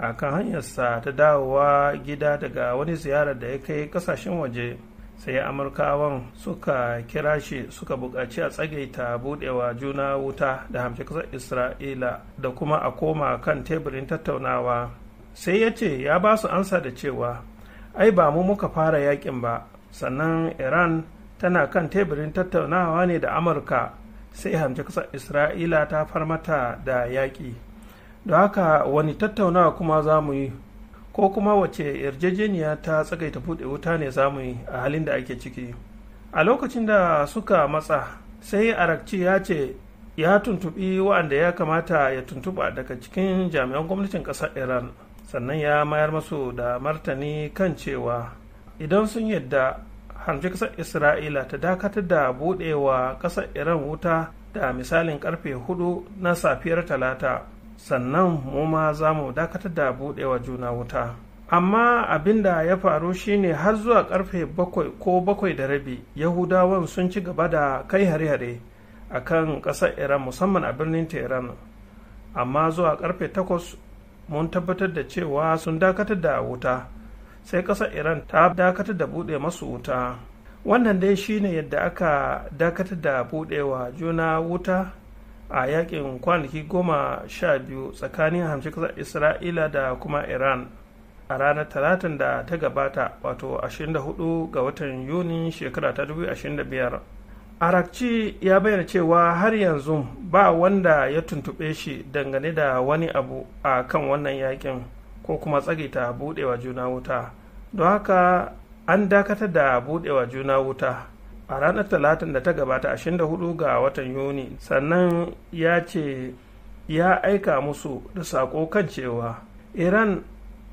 a kan hanyarsa ta dawowa gida daga wani ziyarar da ya kai kasashen waje sai amurkawan suka kira shi suka buƙaci a tsagaita buɗewa juna wuta da hamshe ƙasar isra'ila da kuma a koma kan teburin tattaunawa sai ya ce ya ba su ansa da cewa ai ba mu muka fara yakin ba sannan iran tana kan teburin tattaunawa ne da amurka sai hamci kasar isra'ila ta farmata da yaƙi Da haka wani tattaunawa kuma za mu yi ko kuma wace yarjejeniya ta tsagaita buɗe wuta ne za mu yi a halin da ake ciki a lokacin da suka matsa sai arakci ya ce ya tuntubi wa'anda ya kamata ya tuntuɓa daga cikin jami'an gwamnatin ƙasar iran sannan ya mayar masu da martani kan cewa idan sun yadda hamci kasar isra'ila ta dakatar da buɗewa kasar iran wuta da misalin karfe 4 na safiyar talata sannan mu ma za mu dakatar da buɗewa juna wuta amma abin da ya faru shine har zuwa karfe 7 ko bakwai da rabi yahudawan sun ci gaba da kai hare-hare a kan ƙasar iran musamman a birnin tehran amma zuwa karfe 8 mun tabbatar da cewa sun dakatar da wuta sai ƙasar iran ta dakatar da buɗe masu wuta wannan dai shine yadda aka dakatar da buɗewa juna wuta a yakin kwanaki goma sha biyu tsakanin hamshi kasar isra'ila da kuma iran a ranar talatin da ta gabata wato 24 ga watan yuni shekara ta 2025 arakci ya bayyana cewa har yanzu ba wanda ya tuntube shi dangane da wani abu a kan wannan yakin ko kuma tsagaita buɗewa juna wuta don haka an dakatar da buɗewa juna wuta a ranar talatin da ta gabata 24 ga watan yuni sannan ya ce ya aika musu da sako kan cewa iran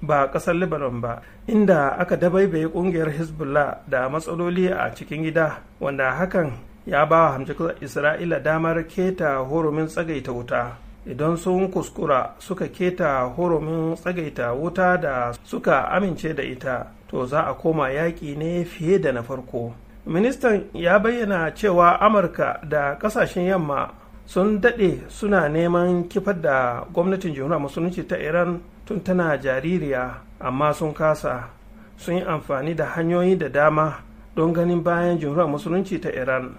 ba ƙasar libanon ba inda aka dabaibaye ƙungiyar hezbollah da matsaloli a cikin gida wanda hakan ya ba wa hamshe isra'ila damar keta horomin tsagaita wuta idan sun kuskura suka keta horomin tsagaita wuta da suka amince da ita to za a koma yaƙi ne fiye da na farko ministan ya bayyana cewa amurka da ƙasashen yamma sun daɗe suna neman kifar da gwamnatin jamhuriyar musulunci ta iran tun tana jaririya amma sun kasa sun yi amfani da hanyoyi da dama don ganin bayan jamhuriyar musulunci ta iran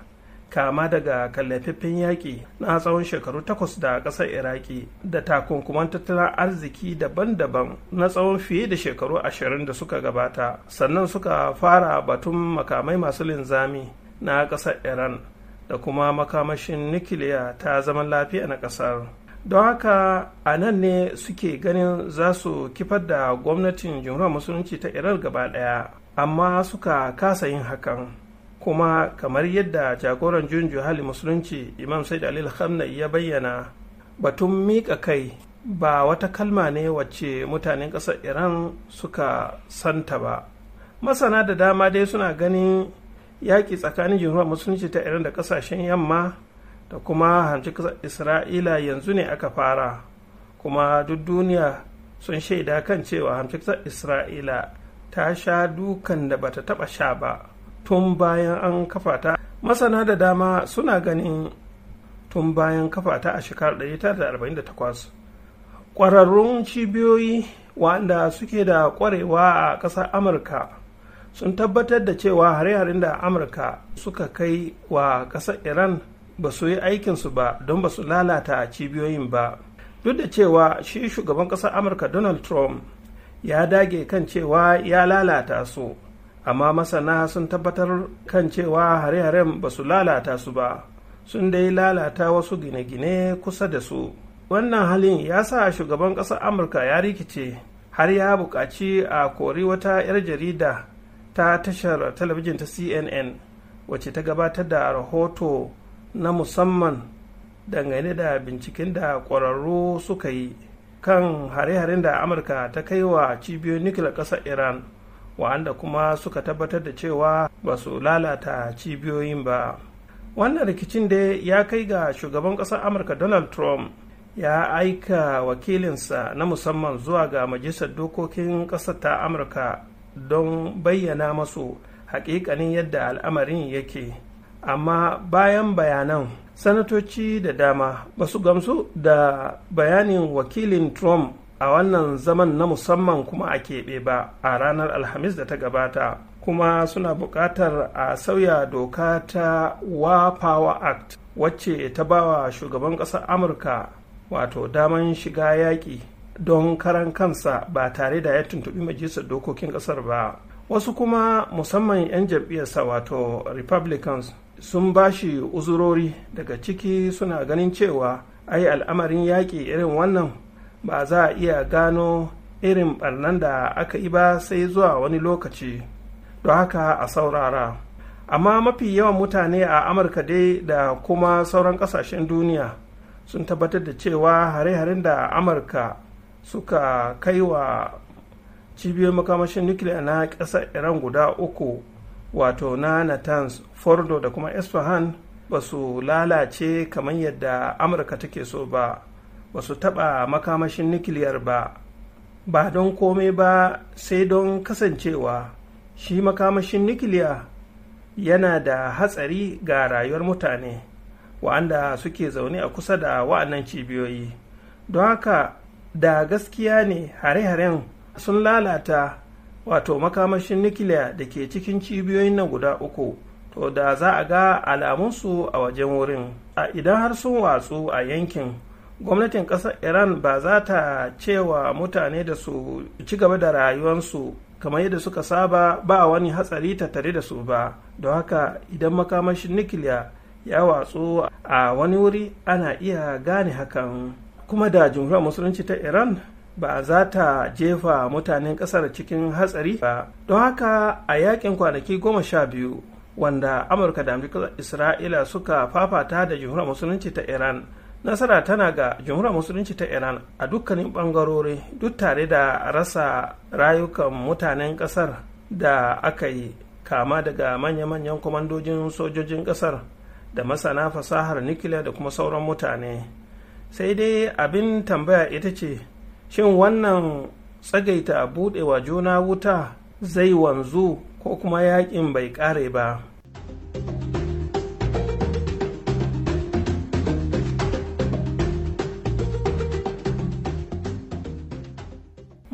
kama daga kallafaffen yaƙi na tsawon shekaru takwas da ƙasar iraki da takunkuman tattalin arziki daban-daban na tsawon fiye da shekaru ashirin da suka gabata sannan suka fara batun makamai masu linzami na ƙasar iran da kuma makamashin nukiliya ta zaman lafiya na ƙasar don haka a nan ne suke ganin za su kifar da gwamnatin jumhuriyar musulunci ta iran gaba ɗaya amma suka kasa yin hakan kuma kamar yadda jagoran junju hali musulunci imam sai da khamnai ya bayyana batun miƙa kai ba wata kalma ne wacce mutanen ƙasar iran suka santa ba masana da dama dai suna ganin yaƙi tsakanin jihuwar musulunci ta iran da ƙasashen yamma da kuma hanci ƙasar isra'ila yanzu ne aka fara kuma duk duniya sun shaida kan cewa hanci ƙasar isra'ila ta sha dukan da bata taɓa sha ba tun bayan an kafa ta masana da dama suna ganin tun bayan kafa ta a shekarar 1948 ƙwararrun cibiyoyi wanda suke da ƙwarewa a ƙasar amurka sun tabbatar da cewa hare-haren da amurka suka kai wa ƙasar iran ba su yi aikinsu ba don ba su lalata cibiyoyin ba duk da cewa shi shugaban ƙasar amurka donald trump ya dage kan cewa ya lalata su amma masana sun tabbatar kan cewa hare-haren ba su lalata su ba sun dai lalata wasu gine-gine kusa da su wannan halin ya sa shugaban ƙasar amurka ya rikice har ya buƙaci a kori wata 'yar jarida ta tashar talabijin ta cnn wacce ta gabatar da rahoto na musamman dangane da binciken da ƙwararru suka yi kan hare-haren da amurka ta kai wa cibiyoyin nukiliyar ƙasar iran wa'anda kuma suka tabbatar da cewa ba su lalata cibiyoyin ba wannan rikicin da ya kai ga shugaban ƙasar amurka donald trump ya aika wakilinsa na musamman zuwa ga majalisar dokokin ƙasar ta amurka don bayyana masu haƙiƙanin yadda al'amarin yake amma bayan bayanan sanatoci da dama ba su gamsu da bayanin wakilin trump a wannan zaman na musamman kuma a keɓe ba a ranar alhamis da ta gabata kuma suna buƙatar a sauya doka ta wa power act wacce ta bawa shugaban ƙasar amurka wato daman shiga yaƙi don karan kansa ba tare da ya tuntuɓi majalisar dokokin ƙasar ba wasu kuma musamman 'yan jam'iyyarsa wato republicans sun ba shi uzurori daga ciki suna ganin cewa ai al'amarin yaƙi irin wannan ba za a iya gano irin barnan da aka yi ba sai zuwa wani lokaci don haka a saurara amma mafi yawan mutane a amurka dai da kuma sauran kasashen duniya sun tabbatar da cewa hare-haren da amurka suka kai wa cibiyoyin makamashin nukiliya na ƙasar iran guda uku wato na natanz fordo da kuma isfahan ba su lalace kamar yadda amurka take so ba ba su taɓa makamashin nukiliyar ba ba don kome ba sai don kasancewa shi makamashin nukiliya yana da hatsari ga rayuwar mutane wa'anda suke zaune a kusa da wa'annan cibiyoyi don haka da gaskiya ne hare-haren sun lalata wato makamashin nukiliya da ke cikin cibiyoyin na guda uku to da za a ga alamunsu a wajen wurin a idan har sun watsu a yankin gwamnatin ƙasar iran ba za ta cewa mutane da su ci gaba da rayuwarsu kamar yadda suka saba ba wani hatsari ta tare da su ba don haka idan makamashin nukiliya ya watsu a wani wuri ana iya gane hakan kuma da jumhuriyar musulunci ta iran ba za ta jefa mutanen kasar cikin hatsari ba don haka a yakin kwanaki goma sha biyu wanda amurka da amurka isra'ila suka fafata da jumhuriyar musulunci ta iran nasara tana ga jamhuriyar musulunci ta iran a dukkanin bangarori duk tare da rasa rayukan mutanen kasar da aka yi kama daga manya-manyan kwamandojin sojojin kasar da masana fasahar nikila da kuma sauran mutane sai dai abin tambaya ita ce shin wannan tsagaita budewa juna wuta zai wanzu ko kuma yakin bai kare ba.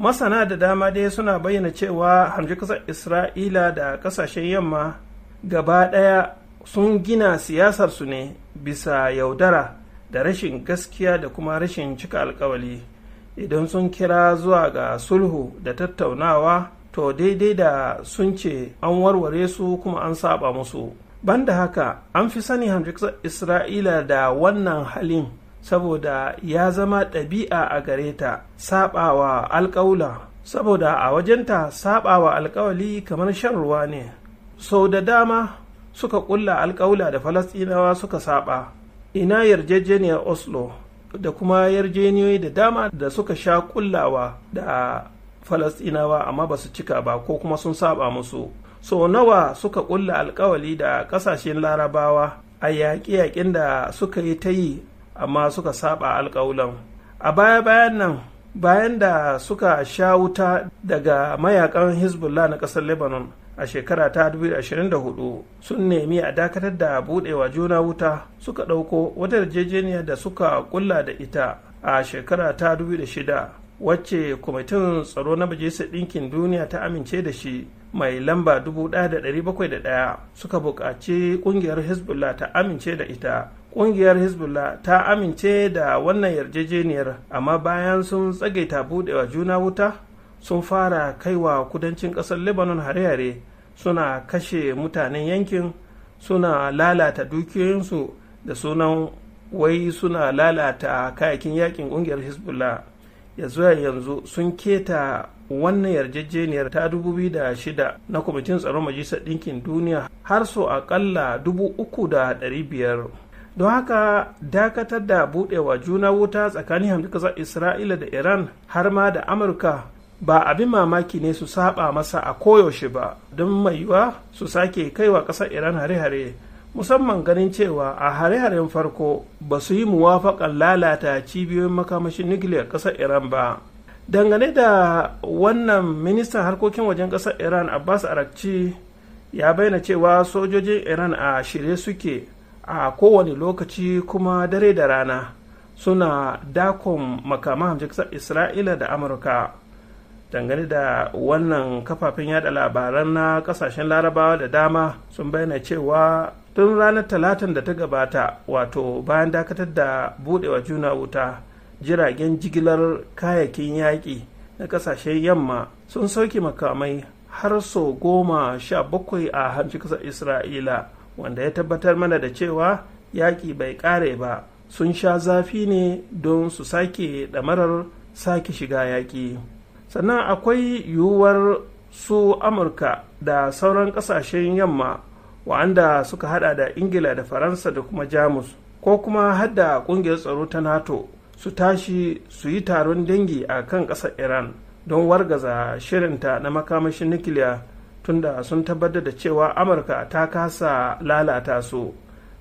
masana da dama dai suna bayyana cewa hamshi kasar isra'ila da kasashen yamma gaba ɗaya sun gina siyasarsu ne bisa yaudara da rashin gaskiya da kuma rashin cika alkawali idan sun kira zuwa ga sulhu da tattaunawa to daidai da sun ce an warware su kuma an saba musu banda haka an fi sani hamshi isra'ila da wannan halin saboda ya zama ɗabi'a a gare ta saɓawa alƙawula. saboda a wajenta saɓawa alƙawali kamar shan ruwa ne sau da dama suka ƙulla alƙawula da falasɗinawa suka saɓa ina yarjejeniyar oslo da kuma yarjeniyoyi da dama da suka sha ƙullawa da falasɗinawa amma ba su cika ba ko kuma sun saɓa musu sau nawa suka ƙulla alƙawali da ƙasashen larabawa a yaƙi-yaƙin da suka yi ta yi amma suka saba alƙawulan a baya-bayan nan bayan da suka sha wuta daga mayakan hezbollah na ƙasar lebanon a shekara ta 2024 sun nemi a dakatar da budewa juna wuta suka ɗauko wata yarjejeniya da suka kulla da ita a shekara ta 2006 wacce kwamitin tsaro na majalisar ɗinkin duniya ta amince da shi mai lamba 1701 suka buƙaci ƙungiyar hezbollah ta amince da ita ƙungiyar hezbollah ta amince da wannan yarjejeniyar amma bayan sun tsagaita budewa juna wuta sun fara kaiwa kudancin ƙasar lebanon hare-hare suna kashe mutanen yankin suna lalata dukiyoyinsu da sunan wai suna lalata kayakin yakin ƙungiyar hezbollah ya zuwa yanzu sun keta wannan yarjejeniyar ta 2006 na kwamitin tsaron majalisar ɗinkin duniya har so akalla 3,500 don haka dakatar da budewa juna wuta tsakanin hamdukasar isra'ila da iran har ma da amurka ba abin mamaki ne su saba masa a koyaushe ba don maiwa su sake kaiwa ƙasar iran hare-hare musamman ganin cewa a hare-haren farko ba su yi muwafakan lalata cibiyoyin makamashin nukiliyar ƙasar iran ba dangane da wannan ministan harkokin wajen ƙasar iran abbas arakci ya bayyana cewa sojojin iran a shirye suke a kowane lokaci kuma dare da rana suna dakon makaman hamjiksar isra'ila da amurka dangane da wannan kafafen yada labaran na kasashen larabawa da dama sun bayyana cewa tun ranar talatin da ta gabata wato bayan dakatar da budewa juna wuta jiragen jigilar kayakin yaƙi na kasashen yamma sun sauke makamai har sau goma sha bakwai a hamshin kasar isra'ila wanda ya tabbatar mana da cewa yaƙi bai ƙare ba sun sha zafi ne don su sake ɗamarar sake shiga yaƙi sannan akwai yiwuwar su amurka da sauran ƙasashen yamma wa'anda suka hada da ingila da faransa da kuma jamus ko kuma hadda ƙungiyar tsaro ta nato su tashi su yi taron dangi a kan ƙasar iran don wargaza shirinta na makamashin nukiliya tunda sun tabbatar da cewa amurka ta kasa lalata su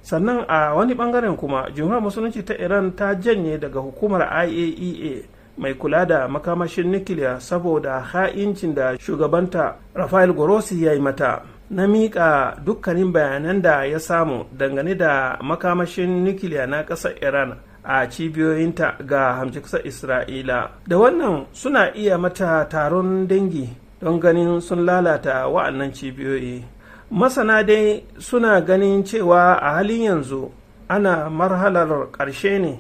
sannan a wani bangaren kuma jumhuriyar musulunci ta iran ta janye daga hukumar iaea e mai kula da makamashin nukiliya saboda ha'incin da shugabanta rafael grossi ya yi mata na miƙa dukkanin bayanan da ya samu dangane da makamashin nukiliya na ƙasar iran a cibiyoyinta ga hamci ƙasar isra'ila da wannan suna iya mata taron dangi don ganin sun lalata wa'annan cibiyoyi masana dai suna ganin cewa a halin yanzu ana marhalar ƙarshe ne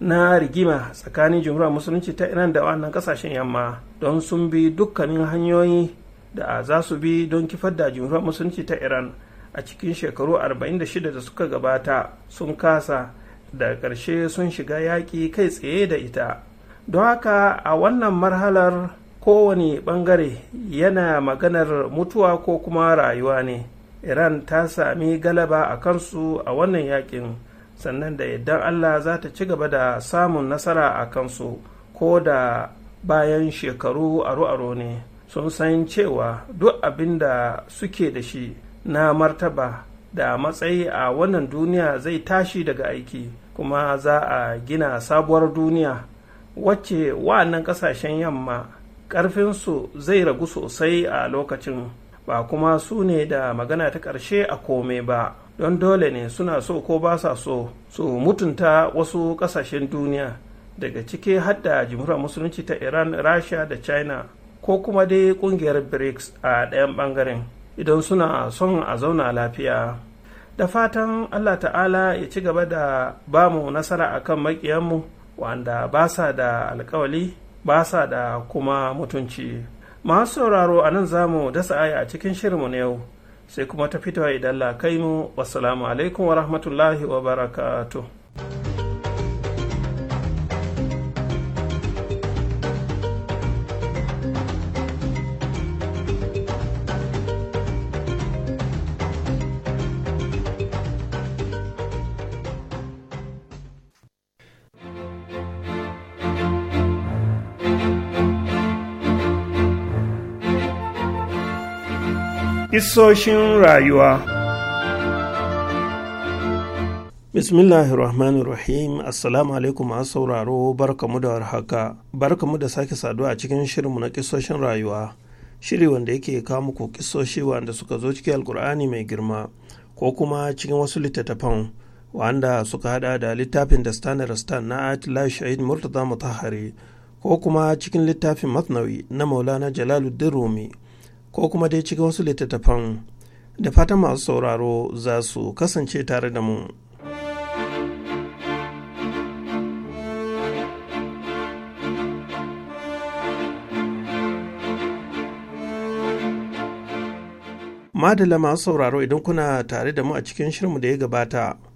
na rigima tsakanin jumhuriyar musulunci ta iran da wannan kasashen yamma don sun bi dukkanin hanyoyi da za su bi don kifar da jumhuriyar musulunci ta iran a cikin shekaru 46 da suka gabata sun kasa da ƙarshe sun shiga yaƙi kai tsaye da ita don haka a wannan marhalar kowane bangare yana maganar mutuwa ko kuma rayuwa ne iran ta sami galaba a kansu a wannan yakin sannan da idan allah za ta ci gaba da samun nasara a kansu ko da bayan shekaru aru aro ne sun san cewa duk abin da suke da shi na martaba da matsayi a wannan duniya zai tashi daga aiki kuma za a gina sabuwar duniya wacce wa'annan kasashen yamma ƙarfinsu zai ragu sosai a lokacin ba kuma su ne da magana ta ƙarshe a kome ba don dole ne suna so ko ba sa so su mutunta wasu ƙasashen duniya daga ciki hadda jimhuriyar musulunci ta iran rasha da china ko kuma dai ƙungiyar brics a ɗayan ɓangaren idan suna son a zauna lafiya da fatan allah ta'ala ya ci gaba da bamu nasara akan maƙiyanmu wanda ba sa da alkawali ba sa da kuma mutunci masu sauraro a nan za mu dasa aya a cikin shirinmu na yau sai kuma ta fitowa idan la kai mu wassalamu alaikum wa rahmatullahi wa barakatuh Kisoshin rayuwa Bismillahir Rahmanir Rahim Assalamu alaikum masu sauraro barkamu da warhaka barkamu da sake saduwa a cikin shirinmu na kisoshin rayuwa shiri wanda yake kawo muku kisoshi wanda suka zo cikin alkur'ani mai girma ko kuma cikin wasu littattafan wanda suka hada da littafin da standard stand na atila shahid murtaza mutahari ko kuma cikin littafin masnawi na maulana jalaluddin rumi ko kuma dai cikin wasu littattafan da fatan masu sauraro za su kasance tare da mu. Madala masu sauraro idan kuna tare da mu a cikin shirmu da ya gabata.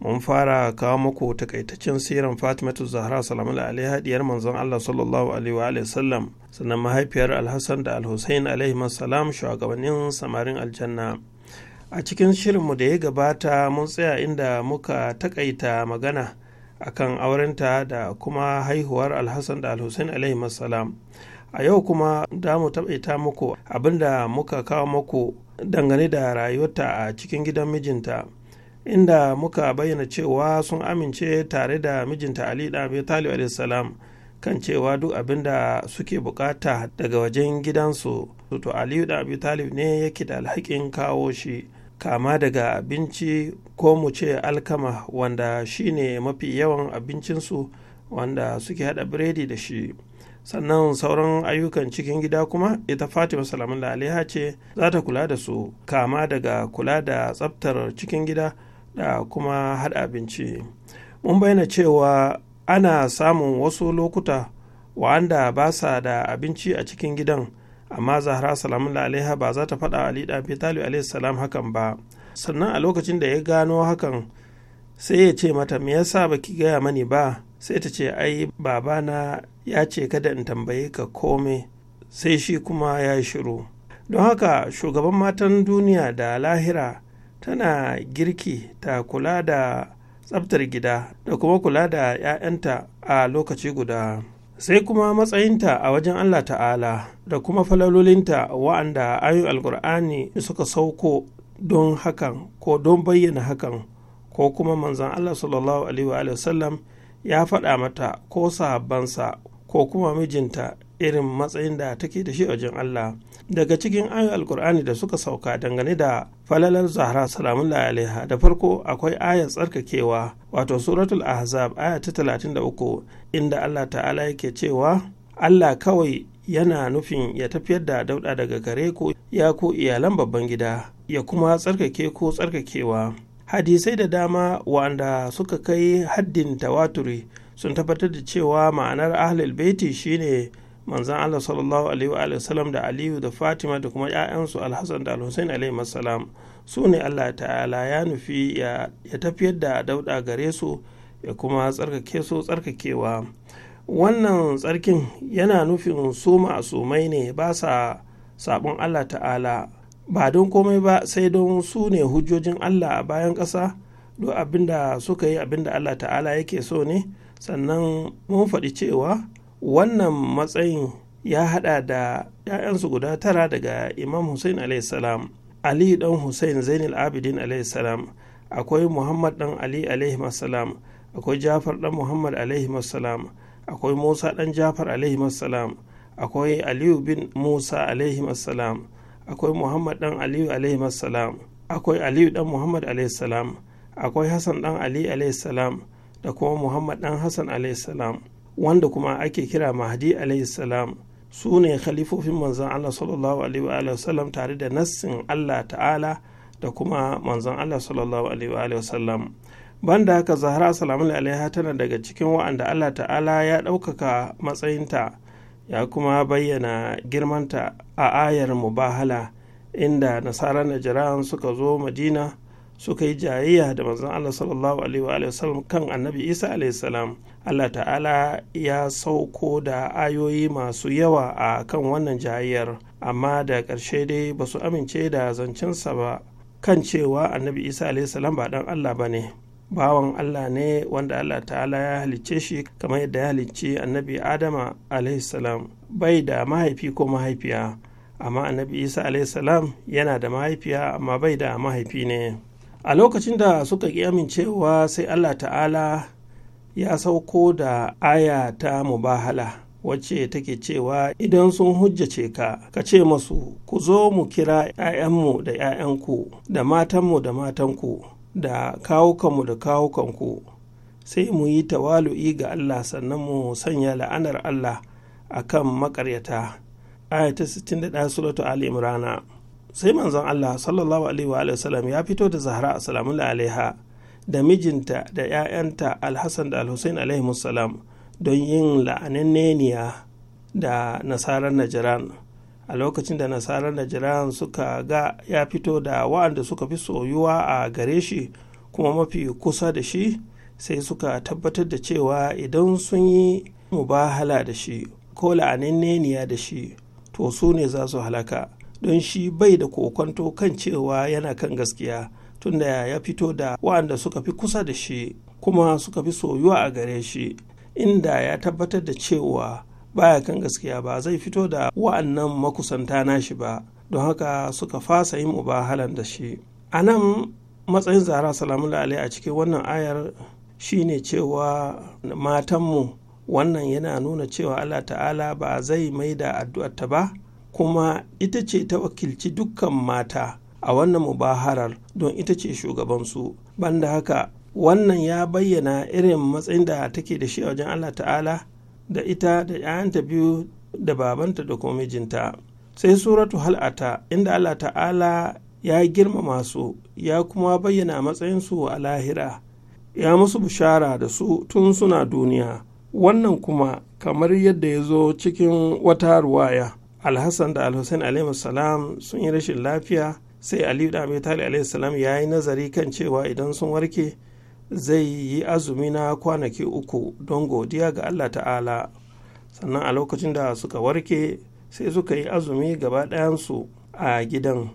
mun fara kawo muku takaitaccen siran fatimatu zahra salamu alaiha diyar manzon allah sallallahu alaihi wa sallam sannan mahaifiyar alhassan da alhussein alaihi salam shugabannin samarin aljanna a cikin shirin mu da ya gabata mun tsaya inda muka takaita magana akan aurenta da kuma haihuwar alhassan da alhussein alaihi salam a yau kuma da mu taɓaita muku abinda muka kawo muku dangane da rayuwarta a cikin gidan mijinta inda muka bayyana cewa sun amince tare da mijinta ali da talib kan cewa duk abin da suke bukata daga wajen gidansu to aliyu da talib ne yake da alhakin kawo shi kama daga abinci ko mu ce alkama wanda shine mafi yawan abincinsu wanda suke hada biredi da shi sannan sauran ayyukan cikin gida kuma ita fatima salamun da ce za ta kula da su kama daga kula da tsabtar cikin gida da kuma haɗa abinci mun bayyana cewa ana samun wasu lokuta wa'anda ba sa da abinci a cikin gidan amma zahra salamun alaiha ba za ta faɗa ali ɗafi talib alaihi salam hakan ba sannan a lokacin da ya gano hakan sai ya ce mata me yasa baki gaya mani ba sai ta ce ai babana ya ce kada in tambaye ka kome sai shi kuma ya shiru don haka shugaban matan duniya da lahira tana girki ta kula da tsabtar gida da kuma kula da 'ya'yanta a lokaci guda sai kuma matsayinta a wajen allah ta'ala da kuma falalolinta wa'anda ayoyin alkur'ani suka sauko don hakan ko don bayyana hakan ko kuma manzan allah sallallahu alaihi ya faɗa mata ko sahabbansa ko kuma mijinta irin matsayin da take da shi a wajen Allah daga cikin ayoyin alkur'ani da suka sauka dangane da falalar zahra salamun la'alaiha da farko akwai ayar tsarkakewa wato suratul ahzab aya ta uku. inda Allah ta'ala yake cewa Allah kawai yana nufin ya tafiyar da dauda daga gare ku ya ku iyalan babban gida ya kuma tsarkake ko tsarkakewa hadisai da dama wanda suka kai haddin tawaturi sun tabbatar da cewa ma'anar ahlul baiti shine manzan Allah sallallahu alaihi wa sallam da Aliyu da Fatima da kuma ‘ya'yansu Alhassan da Alhussein alaihi salam su ne Allah ta'ala ya nufi ya tafiyar da dauda gare su ya kuma tsarkake su tsarkakewa wannan tsarkin yana nufin su sumai ne ba sa sabon Allah ta'ala ba don komai ba sai don su ne hujjojin Allah a bayan ƙasa duk abinda suka yi abinda Allah ta'ala yake so ne sannan mun faɗi cewa wannan matsayin ya hada da 'ya'yansu guda tara daga imam hussein salam ali dan hussein zainul abidin salam akwai muhammad dan ali salam akwai jafar dan muhammad salam akwai musa dan jafar salam akwai aliyu bin musa salam akwai muhammad dan aliyu salam akwai aliyu dan muhammad salam akwai hassan dan ali salam da kuma muhammad dan hassan salam wanda kuma ake kira mahdi alaihi salam su ne khalifofin manzon Allah sallallahu alaihi wa tare da nassin Allah ta'ala da kuma manzon Allah sallallahu alaihi wa banda haka zahra salamu alaiha tana daga cikin wa'anda Allah ta'ala ya ɗaukaka matsayinta ya kuma bayyana girmanta a ayar mubahala inda nasara najiran suka zo madina suka yi jayayya da manzon Allah sallallahu alaihi wa kan annabi Isa alaihi salam allah ta'ala ya sauko da ayoyi masu yawa a kan wannan jayayyar amma da ƙarshe dai ba su amince da zancensa ba kan cewa annabi isa salam ba dan allah ba ne bawan allah ne wanda allah ta'ala ya halicce shi kamar yadda ya halicci annabi adama salam bai da mahaifi ko mahaifiya amma annabi isa salam yana da mahaifiya amma bai da mahaifi ne a lokacin da suka ƙi amincewa sai allah ta'ala ya sauko da aya ta mubahala wacce take cewa idan sun hujjace ka ka ce masu ku zo mu kira 'ya'yanmu da 'ya'yanku da matanmu da matanku da kawukanmu da kawukanku sai mu yi tawalu'i ga Allah sannan mu sanya la'anar Allah a kan makaryata aya ta 61 suratu Ali Imrana sai manzon Allah sallallahu alaihi wa sallam ya fito da Zahra salamun alaiha da mijinta da 'ya'yanta alhassan da alhussein alaihimussalam don yin la'ananneniya da nasarar najiran a lokacin da nasarar najiran suka ga ya fito da wa'anda suka fi soyuwa a gare shi kuma mafi kusa da shi sai suka tabbatar da cewa idan sun yi mubahala da shi ko la'ananneniya da shi to su ne za su halaka don shi bai da kokonto kan cewa yana kan gaskiya tunda ya fito da waɗanda suka fi kusa da shi kuma suka fi soyuwa a gare shi inda ya tabbatar da cewa baya kan gaskiya ba zai fito da wa'annan makusanta nashi ba don haka suka fasa yin mubahalan da shi a nan matsayin zara salamu alai a cikin wannan ayar shine cewa matanmu wannan yana nuna cewa allah ta'ala ba zai mai da addu'arta ba kuma ita ce ta wakilci dukkan mata a wannan mubaharar don ita ce shugabansu banda haka wannan ya bayyana irin matsayin da take da shi a wajen allah ta'ala da ita da 'ya'yanta biyu da babanta da kuma mijinta sai suratu hal'ata inda allah ta'ala ya girmama su ya kuma bayyana matsayinsu a lahira ya musu bishara da su tun suna duniya wannan kuma kamar yadda ya zo cikin wata ruwaya alhassan da alaihi salam sun yi rashin lafiya sai aliyu da abi talib salam ya yi nazari kan cewa idan sun warke zai yi azumi na kwanaki uku don godiya ga allah ta'ala sannan a lokacin da suka warke sai suka yi azumi gaba ɗayansu a gidan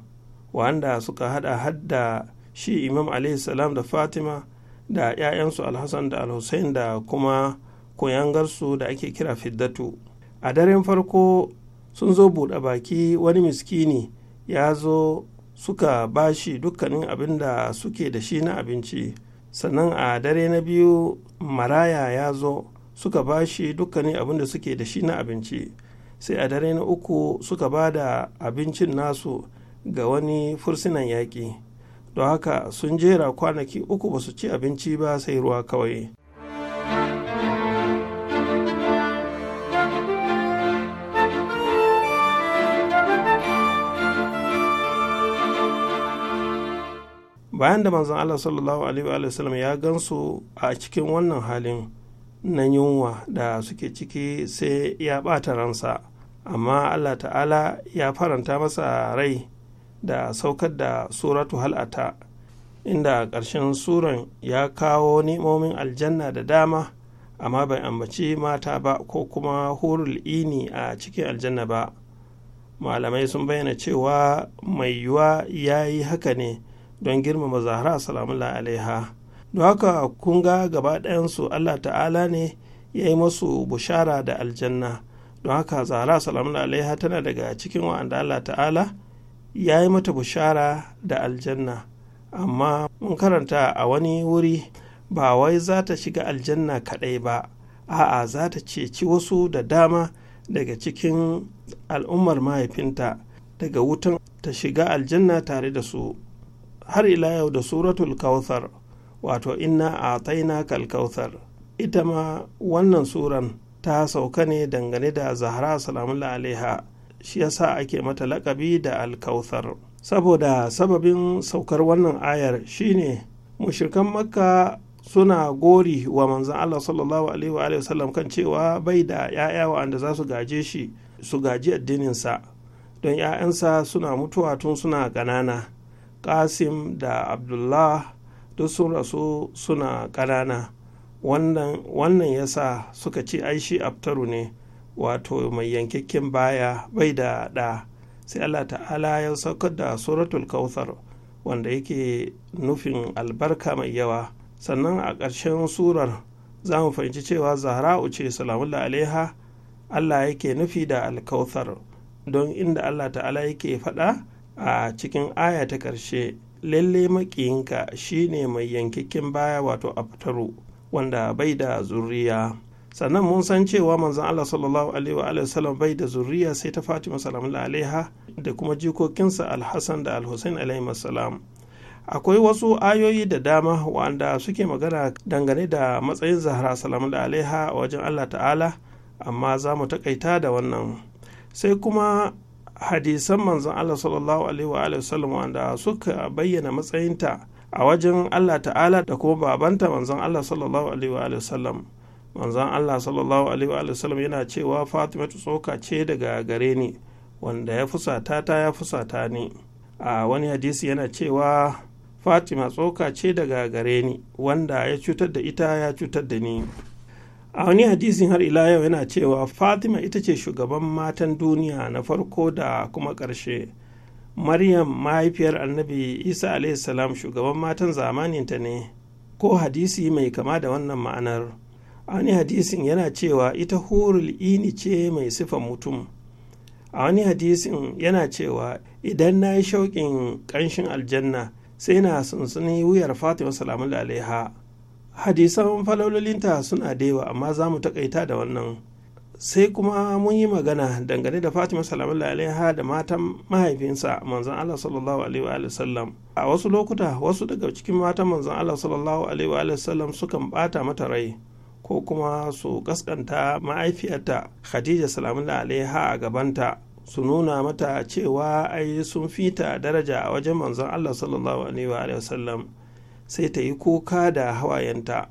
wanda suka hada hadda shi imam salam da fatima da 'ya'yansu alhassan da alhussein da kuma koyangarsu da ake kira fiddatu a daren farko sun zo buɗe baki wani miskini ya zo suka ba shi dukkanin abin da suke da shi na abinci sannan a dare na biyu maraya ya zo suka ba shi dukkanin abin da suke da shi na abinci sai a dare na uku suka ba da abincin nasu ga wani fursunan yaƙi don haka sun jera kwanaki uku ba su ci abinci ba sai ruwa kawai bayan da manzon Allah sallallahu alaihi wa sallam ya gansu a cikin wannan halin na yunwa da suke ciki sai ya ɓata ransa amma Allah ta'ala ya faranta masa rai da saukar da suratu hal'ata inda a ƙarshen suran ya kawo ni'imomin aljanna da dama amma bai ambaci mata ba ko kuma hurul ini a cikin aljanna ba malamai sun bayyana cewa mai yiwuwa ya yi haka ne don girmama zahra salamullah alaiha don haka kun ga gaba ɗayansu allah ta'ala ne ya yi masu bushara da aljanna don haka zahra salamullah alaiha tana daga cikin wa'anda allah ta'ala ya yi mata bushara da aljanna amma mun karanta a wani wuri ba wai za ta shiga aljanna kaɗai ba a'a za ta ceci wasu da dama daga cikin al'ummar mahaifinta daga wutan ta shiga aljanna tare da su har ila yau da suratul kawthar wato inna a taina kalkawthar ita ma wannan suran ta sauka ne dangane da zahra salamullah alaiha shi yasa ake mata lakabi da alkawthar saboda sababin saukar wannan ayar shine mushrikan makka suna gori wa manzan Allah sallallahu alaihi wa wasallam kan cewa bai da ‘ya'ya wa'anda za su gaje shi su gaji addininsa don ‘ya'yansa suna mutuwa tun suna ganana. kasim da abdullah duk sun rasu suna ƙanana wannan ya sa suka ci Aishi aftaru abtaru ne wato mai yankakken baya bai da ɗa sai allah ta'ala ya saukar da suratul kautsar wanda yake nufin albarka mai yawa sannan a ƙarshen surar za mu fahimci cewa zahra'u uce salamullah alaiha allah yake nufi da alkautar don inda allah ta'ala yake faɗa a cikin aya ta ƙarshe lalle shi shine mai yankakken baya wato abtaru wanda bai da zuriya sannan mun san cewa manzon Allah sallallahu alaihi wa sallam bai da zuriya sai ta Fatima salamu alaiha da kuma jikokinsa al da Al-Hussein alaihi salam akwai wasu ayoyi da dama wanda suke magana dangane da matsayin Zahra salamu alaiha wajen Allah ta'ala amma za mu takaita da wannan sai kuma hadisan manzon Allah sallallahu alaihi wa sallam wanda suka bayyana matsayinta a wajen Allah ta'ala da kuma babanta manzon Allah sallallahu alaihi wa sallam manzon Allah sallallahu alaihi wa sallam yana cewa Fatima tsoka ce daga gare ni wanda ya fusata ta ya fusata ni a wani hadisi yana cewa Fatima tsoka ce daga gare ni wanda ya cutar da ita ya cutar da ni a wani hadisin har ila yau yana cewa fatima ita ce shugaban matan duniya na farko da kuma ƙarshe maryam mahaifiyar annabi isa salam shugaban matan zamaninta ne ko hadisi mai kama da wannan ma'anar a wani hadisin yana cewa ita hurul ini ce mai sifan mutum a wani hadisin yana cewa idan na yi shauƙin ƙanshin aljanna sai na sunsuni wuyar fatima salamun alaiha hadisan falalolinta suna da yawa amma za mu takaita da wannan sai kuma mun yi magana dangane da fatima salamallah alaiha da matan mahaifinsa manzan allah sallallahu alaihi wa sallam a wasu lokuta wasu daga cikin matan manzan allah sallallahu alaihi wa sallam sukan bata mata rai ko kuma su kaskanta ma'aifiyarta khadija salamallah alaiha a gabanta su nuna mata cewa ai sun fita daraja a wajen manzan allah sallallahu alaihi wa sallam sai ta yi kuka da hawayenta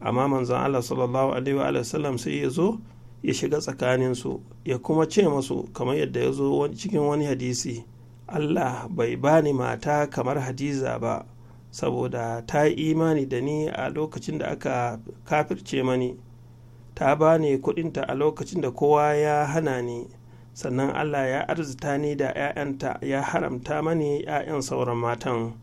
amma manzon Allah sallallahu alaihi wa sallam sai ya zo ya shiga tsakaninsu ya kuma ce masu kamar yadda ya zo cikin wani hadisi Allah bai bani mata kamar hadiza ba saboda ta yi imani da ni a lokacin da aka kafirce mani ta bani kudinta a lokacin da kowa ya hana ni sannan Allah ya arzita ni da 'ya'yanta ya haramta mani 'ya'yan sauran matan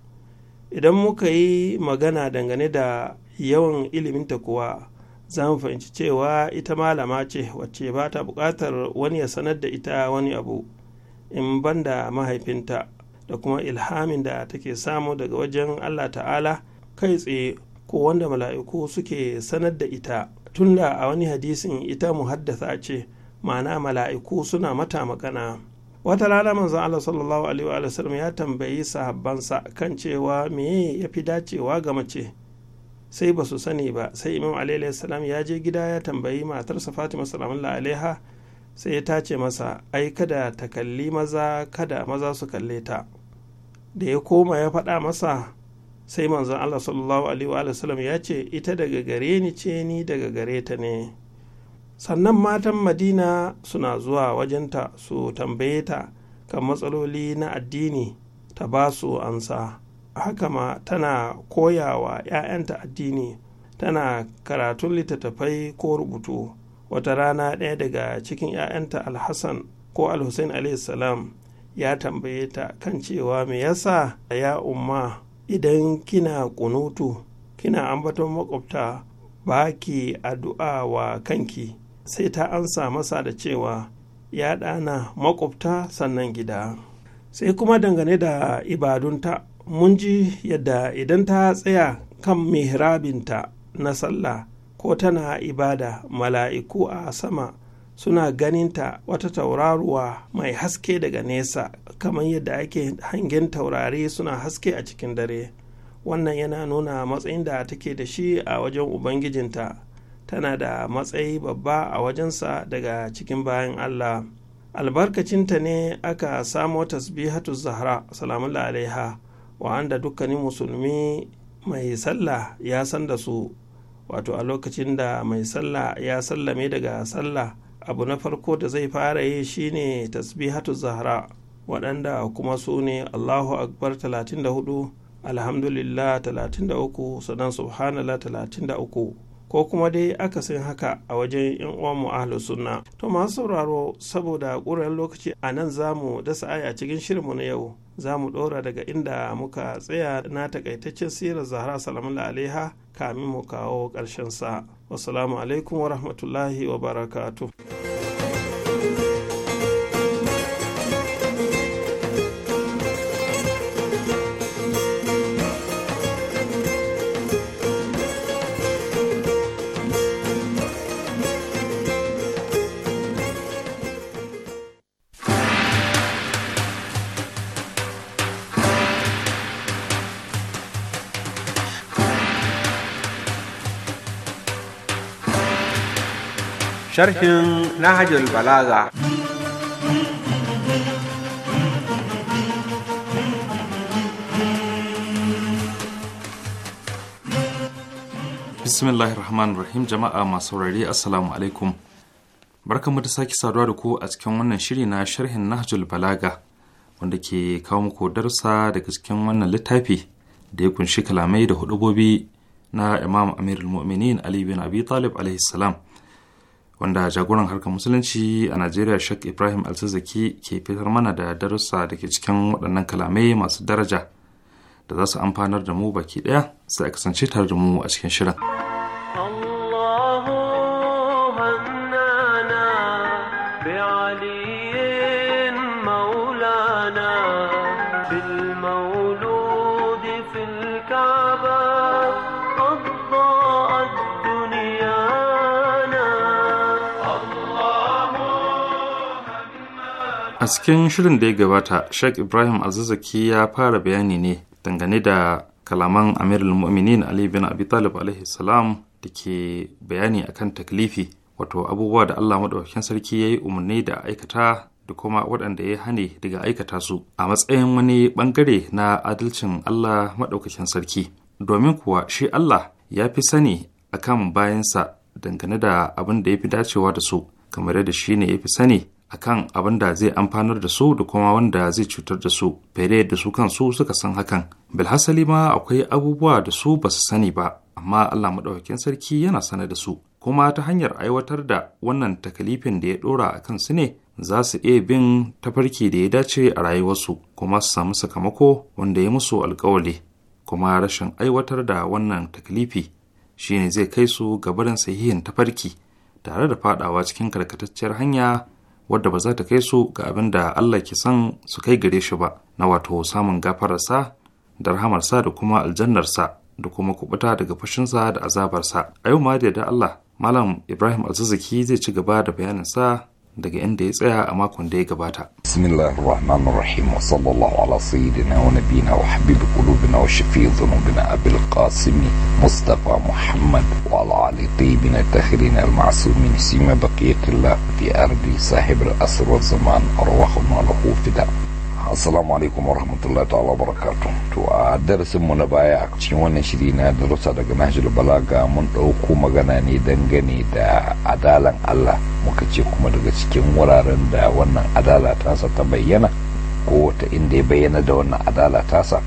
idan muka yi magana dangane da yawan iliminta kuwa za mu fahimci cewa ita malama ce wacce ba ta buƙatar wani ya sanar da ita wani abu in banda mahaifinta da kuma ilhamin da take samu daga wajen allah ta'ala kai tsaye ko wanda mala'iku suke sanar da ita tunda a wani hadisin ita mu haddasa ce ma'ana mala'iku suna mata magana wata rana manzo Allah sallallahu alaihi wa sallam ya tambayi sahabbansa kan cewa me ya fi dacewa ga mace sai ba su sani ba sai imam alaihi salam ya je gida ya tambayi matarsa fatima salamullahi alaiha sai ya tace masa ai kada ta kalli maza kada maza su kalle ta da ya koma ya faɗa masa sai manzon Allah sallallahu alaihi wa sallam ya ce ita daga gare ni ce ni daga gare ta ne sannan matan madina suna zuwa wajenta su tambaye ta kan matsaloli na addini ta ba su ansa haka ma tana koyawa 'ya'yanta addini tana karatun littattafai ko rubutu wata rana ɗaya daga cikin 'ya'yanta alhassan ko alhussein salam ya tambaye ta kan cewa me yasa ya umma idan kina kunutu kina ambaton makwabta ba ki addu'a wa kanki sai ta ansa masa da cewa ya ɗana makwabta sannan gida sai kuma dangane da ibadunta mun ji yadda idan ta tsaya kan mihrabinta na sallah ko tana ibada mala'iku a sama suna ganinta wata tauraruwa mai haske daga nesa kamar yadda ake hangen taurari suna haske a cikin dare wannan yana nuna matsayin da take da shi a wajen ubangijinta tana da matsayi babba a wajensa daga cikin bayan Allah albarkacinta ne aka samo tasbihatu zahra salamullah alaiha wa'anda dukkanin musulmi mai sallah ya san da su wato a lokacin da mai sallah ya sallame daga sallah abu na farko da zai fara yi shine tasbihatu zahra waɗanda kuma su ne allahu akbar 34 alhamdulillah 33 sannan subhanallah 33 ko kuma dai aka san haka a wajen yan uwanmu ahlu sunna to masu sauraro saboda ƙuran lokaci a nan za mu dasa aya cikin shirinmu na yau za mu ɗora daga inda muka tsaya na takaitaccen sirar zahra salamu alaiha kamin mu kawo ƙarshen sa wasu alaikum wa rahmatullahi wa barakatuh sharhin nahajul balaga bismillahir rahmanir rahim jama'a masu saurari assalamu alaikum barkanmu da sake saduwa da ku a cikin wannan shiri na sharhin nahjul balaga wanda ke kawo muku darsa daga cikin wannan littafi da ya kunshi kalamai da hudubobi na imam amirul mu'minin ali bin abi talib alaihi salam wanda jagoran harkar musulunci a najeriya shek ibrahim alsazaki ke fitar mana da darussa da ke cikin waɗannan kalamai masu daraja da za su amfanar da mu baki ɗaya sai a kasance tare da mu a cikin shirin. a cikin shirin da ya gabata sheikh ibrahim azizaki ya fara bayani ne dangane da kalaman al mu'minin ali bin abi talib alaihi salam da ke bayani akan taklifi wato abubuwa da allah maɗaukakin sarki ya yi umarni da aikata da kuma waɗanda ya hane daga aikata su a matsayin wani ɓangare na adalcin allah maɗaukakin sarki domin kuwa shi allah ya fi sani akan bayansa dangane da abin da ya fi dacewa da su kamar yadda shi ne ya fi sani akan abin da zai amfanar da su da kuma wanda zai cutar da su fere da su kansu suka san hakan bilhassali ma akwai abubuwa da su ba su sani ba amma allah maɗaukakin sarki yana sane da su kuma ta hanyar aiwatar da wannan takalifin da ya ɗora a kan su ne za su iya bin tafarki da ya dace a rayuwarsu kuma su samu sakamako wanda ya musu alkawali kuma rashin aiwatar da wannan takalifi shine zai kai su gabarin sahihin tafarki tare da fadawa cikin karkatacciyar hanya wadda ba za ta kai su ga abin da Allah ke son su kai gare shi ba na wato samun gafararsa da rahamarsa da kuma aljannarsa da kuma kubuta daga fushinsa da azabarsa a yau ma da Allah malam Ibrahim Alzazaki zai ci gaba da bayaninsa daga inda ya tsaya a makon da ya gabata. Bismillahir Rahmanir Rahim wa sallallahu ala sayyidina wa nabiyina wa habibi qulubina wa shafi'i dhunubina Abul Qasim Mustafa Muhammad wa ala ali tayyibin at-tahirin al-ma'sumin sima baqiyatillah fi ardi sahib al-asr wa zaman arwahuna lahu fida. assalamu alaikum wa rahmatullahi ta'ala barakatu to a darasin mu na baya a cikin wannan shiri na darussa daga nahjul balaga mun ɗauko magana ne dangane da adalan Allah muka ce kuma daga cikin wuraren da wannan adala tasa ta bayyana ko ta inda ya bayyana da wannan adala tasa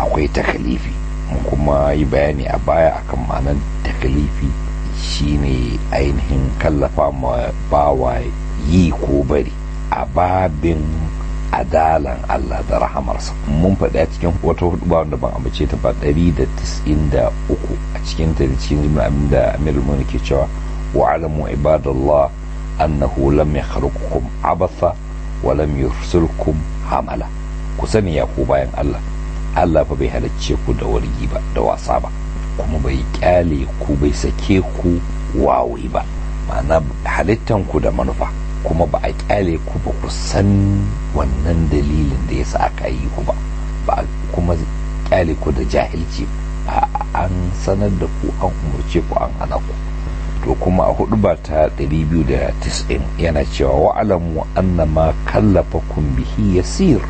akwai takalifi mun kuma yi bayani a baya akan ma'anar takalifi shine ainihin kallafa ma bawa yi ko bari a babin adalan Allah da rahamarsa mun faɗi a cikin wata hudu ba wanda ban amince ta ba 193 a cikin ta da cikin jimla abin da Amir Muni ke cewa wa alamu ibadallah annahu lam yakhluqukum abatha wa lam yursilkum hamala ku sani ya ku bayan Allah Allah fa bai halicce ku da wargi ba da wasa ba kuma bai kyale ku bai sake ku wawai ba ma'ana halittanku da manufa kuma ba a kyale ku ba ku san wannan dalilin da ya sa aka yi ku ba ba a kuma kyale ku da jahilci ba an sanar da ku an umarce ku an hana ku to kuma a hudu ba ta 290 yana cewa wa'alamu anna ma kallafa kun bihi yasir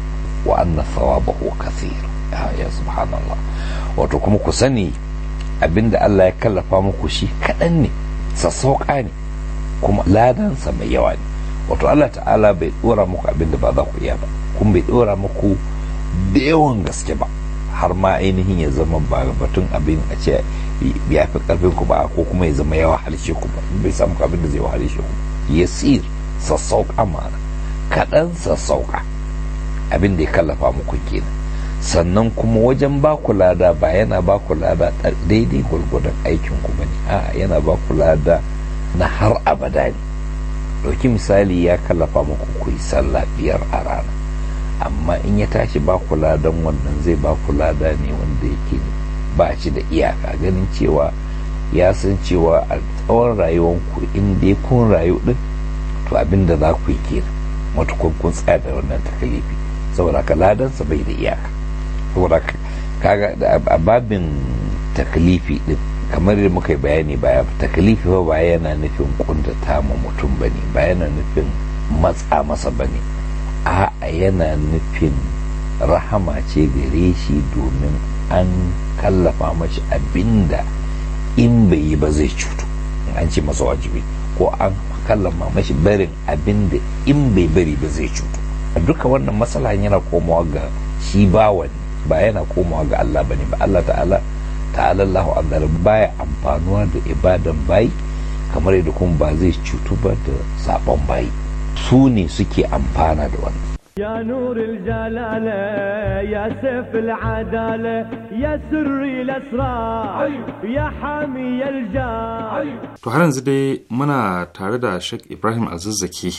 wa anna thawabahu kathir ah, ya subhanallah wato kuma ku sani abinda Allah ya kallafa muku shi kaɗan ne sassauƙa ne kuma ladansa mai yawa ne wato Allah ta'ala bai dora muku abin da ba za ku iya ba kun bai dora muku da yawan gaske ba har ma ainihin ya zama ba batun abin a ce ya fi karfin ku ba ko kuma ya zama ya wahalshe ku ba bai samu abin da zai wahalshe ku yasir sassauka mana kaɗan sassauka abin da ya kallafa muku kenan sannan kuma wajen ba ku lada ba yana ba ku lada daidai gwargwadon aikin ku ba ne a yana ba ku lada na har abada ne ɗauki misali ya kallafa muku ku yi sallah biyar a rana amma in ya tashi ba kula ladan wannan zai ba kula da ne wanda yake ba shi da iyaka ganin cewa ya san cewa a tsawon ku in dai kun rayu din to abin da za ku yi kenan matukun kun tsaya da wannan takalifi saboda ka sa bai da iyaka saboda ga a babin takalifi din kamar da muka yi bayani baya takalifi fa ba yana nufin kundata ma mutum ba ne ba yana nufin matsa masa ba ne a yana nufin rahama ce gare shi domin an kallafa mashi abinda in bai yi ba zai cutu an ce masa wajibi ko an kallafa mashi barin abinda in bai bari ba zai cutu duka wannan matsala yana komawa ga shi bawan ba yana komawa ga Allah ba ne ba Allah ta'ala ta'alallahu Allahu baya amfanuwa da ibadan bayi kamar yadda kuma ba zai cutu ba da sabon bayi su ne suke amfana da wannan يا نور الجلالة يا سيف العدالة يا سري الأسرار يا حامي الجار To har yanzu dai muna tare da Sheikh Ibrahim Azizzaki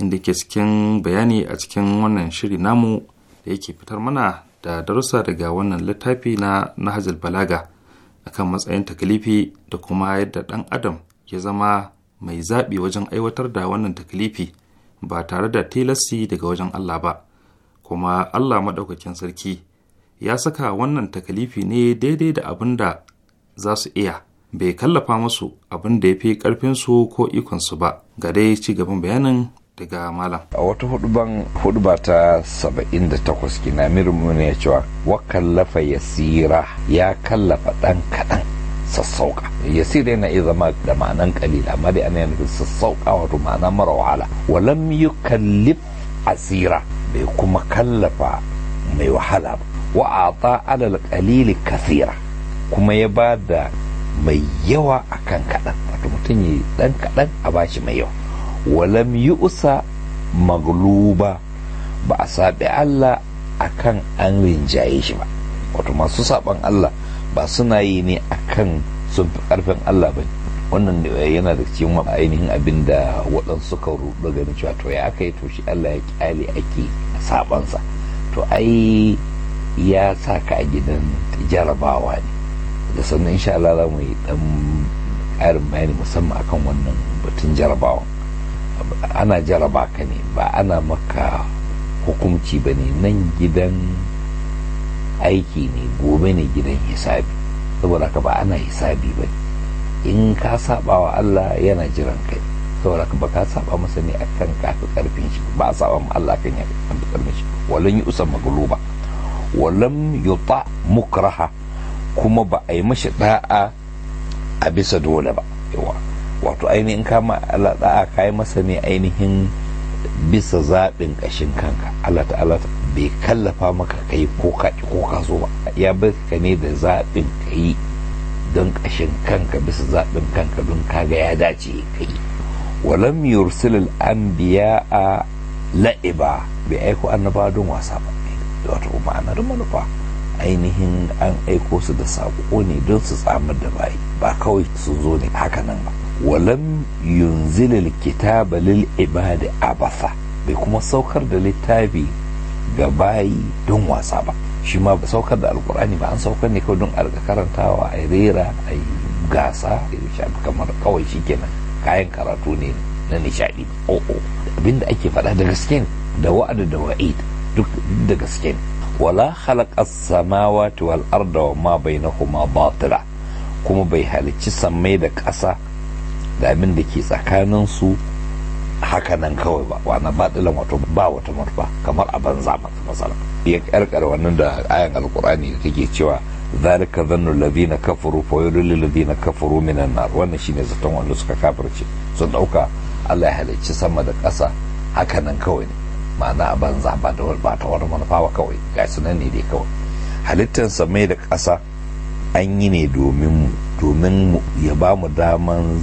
inda ke cikin bayani a cikin wannan shiri namu da yake fitar mana da darussa daga wannan littafi na Nahajar Balaga akan matsayin takalifi da kuma yadda ɗan adam ya zama mai zaɓi wajen aiwatar da wannan takalifi ba tare da tilasti daga wajen Allah ba kuma Allah maɗaukakin sarki ya saka wannan takalifi ne daidai da abin da za su iya bai kallafa musu abin da ya fi ƙarfinsu ko ikonsu ba ga dai ci gaban bayanin daga malam a wata huduban huduba ta 78 kina mirmu ya cewa wakallafa yasira ya kallafa dan kadan sassauka yasira yana iya zama da ma'anan kalila amma dai ana yanzu sassauka wato ma'ana mara wahala walam kallif asira bai kuma kallafa mai wahala ba wa ata alal kalili kasira kuma ya ba da mai yawa akan kadan wato mutum ya dan kadan a bashi mai yawa walam yu'sa magluba ba a saɓi Allah akan an rinjaye shi ba wato masu saɓan Allah ba suna yi ne akan sun fi ƙarfin Allah ba wannan yana da cikin ainihin abin da waɗansu suka rudu ganin cewa to ya aka to shi Allah ya ƙyale ake saɓansa to ai ya sa ka a gidan jarabawa ne da sannan insha Allah za mu yi ɗan ƙarin bayani musamman akan wannan batun jarabawa ana jaraba ka ne ba ana maka hukunci ba ne nan gidan aiki ne gobe ne gidan hisabi saboda ka ba ana hisabi ba in ka saba wa Allah yana jiran kai saboda ka ba ka saba masa ne akan kafi karfin shi ba saba ma Allah kan ya kafi karfin shi walan yi usan magluba walam yuta mukraha kuma ba a yi mashi da'a a bisa dole ba yawa wato ainihin kama alaɗa a kayi masa ne ainihin bisa zaɓin ƙashin kanka Allah ta'ala bai kallafa maka kai ko ko ka zo ba ya bai ka ne da zaɓin kai don ƙashin kanka bisa zaɓin kanka don kaga ya dace kai walam yursilul a la'iba bai aiko annaba don wasa ba wato ma'anar manufa ainihin an aiko su da saƙo ne don su tsamar da bayi ba kawai sun zo ne haka nan ba walam yunzilil kitaba lil ibadi abasa bai kuma saukar da littafi ga bayi don wasa ba shi ma saukar da alkur'ani ba an saukar ne kawai don a karantawa a rera a yi gasa kamar kawai shi kenan kayan karatu ne na nishadi o'o abinda ake faɗa da gaske da wa'ada da wa'id duk da gaske wala khalaqas samawati wal arda wa ma bainahuma batila kuma bai halicci samai da ƙasa da abin da ke tsakanin haka nan kawai ba wani baɗilan wato ba wata manufa kamar a banza matsala ya karkar wannan da ayan alkurani da take cewa zalika zannu ladina kafaru fa yulil ladina kafaru minan nar wannan shine zaton wanda suka kafirce sun dauka Allah ya halicci sama da ƙasa haka nan kawai ne ma'ana a banza ba da ba ta wani manufa ba kawai ga sunan ne dai kawai halittar samai da ƙasa an yi ne domin mu domin ya ba mu daman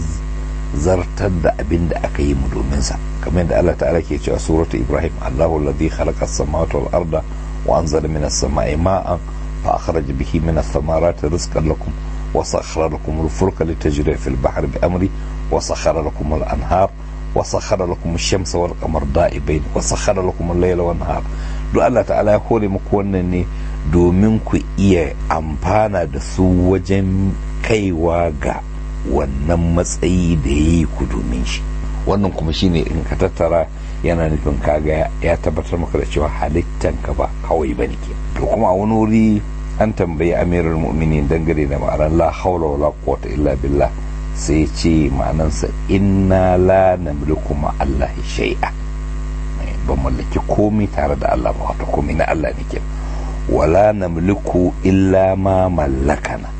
zartar da abin da aka yi mu domin sa kamar yadda Allah ta'ala ke cewa suratu Ibrahim Allahu alladhi khalaqa as-samawati wal arda wa anzala minas sama'i ma'an fa akhraja bihi minas thamarati rizqan lakum wa sakhara lakum al-fulka litajriya fil bahri bi amri wa sakhara lakum al-anhar وسخر لكم الشمس والقمر دائبين وسخر Layla الليل والنهار duk Allah ta'ala ya kore muku wannan ne domin ku iya amfana da su wajen kaiwa ga wannan matsayi da ya yi ku domin shi wannan kuma shine in ka tattara yana nufin kaga ya tabbatar maka da cewa halittan ka ba kawai ba ne to kuma a wani wuri an tambayi amirar mu'mini dangane da ma'anar la haula wala quwwata illa billah sai ce ma'anansa inna la namliku ma Allah shay'a eh, ban mallaki komai tare da Allah ba wato komai na Allah ne ke wala namliku illa ma mallakana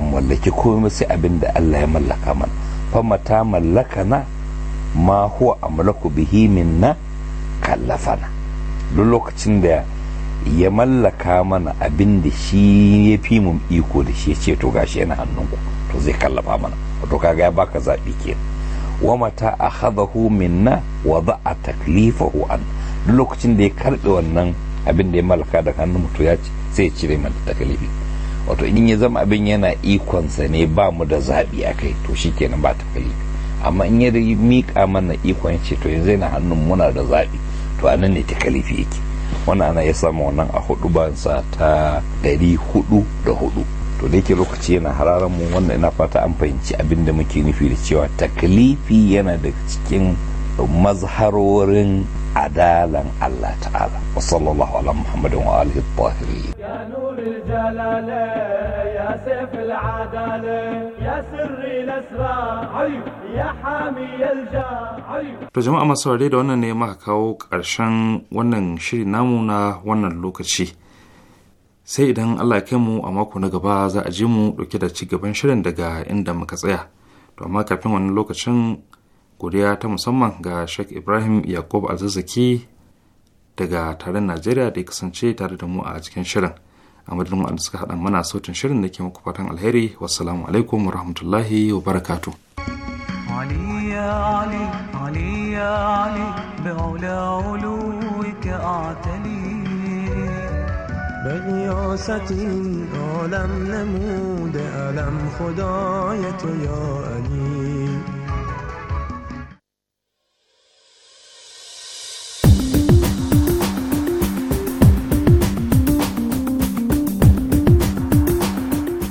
ban mallaki komai sai abin da Allah ya mallaka mana ta mallaka na ma huwa amlaku bihi minna kallafana duk lokacin da ya mallaka mana abin da shi ya fi mun iko da shi ya ce to gashi yana hannunku to zai kallafa mana to kaga ya baka zaɓi ke wa mata akhadahu minna wa da'a taklifahu an duk lokacin da ya karbe wannan abin da ya mallaka da hannun mutu ya ce sai ya cire mana taklifi wato in ya zama abin yana ikonsa ne ba mu da zaɓi a kai to shi kenan ba ta fari amma in ya miƙa mana ikon ce to yanzu yana hannun muna da zaɓi to a nan ne ta kalifi yake wannan ana ya samu wannan a hudu bansa ta ɗari hudu da hudu to da yake lokaci yana hararan mu wannan ina fata an fahimci abin da muke nufi da cewa taklifi yana da cikin mazharorin adalan Allah ta'ala wa sallallahu ala muhammadin wa alihi tahirin ya nur ya sayf ya sirri al ya hami al to jama'a masu saurare da wannan ne maka kawo karshen wannan shiri namu na wannan lokaci sai idan Allah ya kai mu a mako na gaba za a ji mu dauke da cigaban shirin daga inda muka tsaya to amma kafin wannan lokacin godiya ta musamman ga Sheikh Ibrahim Yakub Alzazzaki daga taron Najeriya da ya kasance tare da mu a cikin shirin. A madadin waɗanda suka haɗa mana sautin shirin da ke muku fatan alheri. Wassalamu alaikum wa rahmatullahi wa barakatu. علي يا علي عالم نمود علم خدای تو یا علی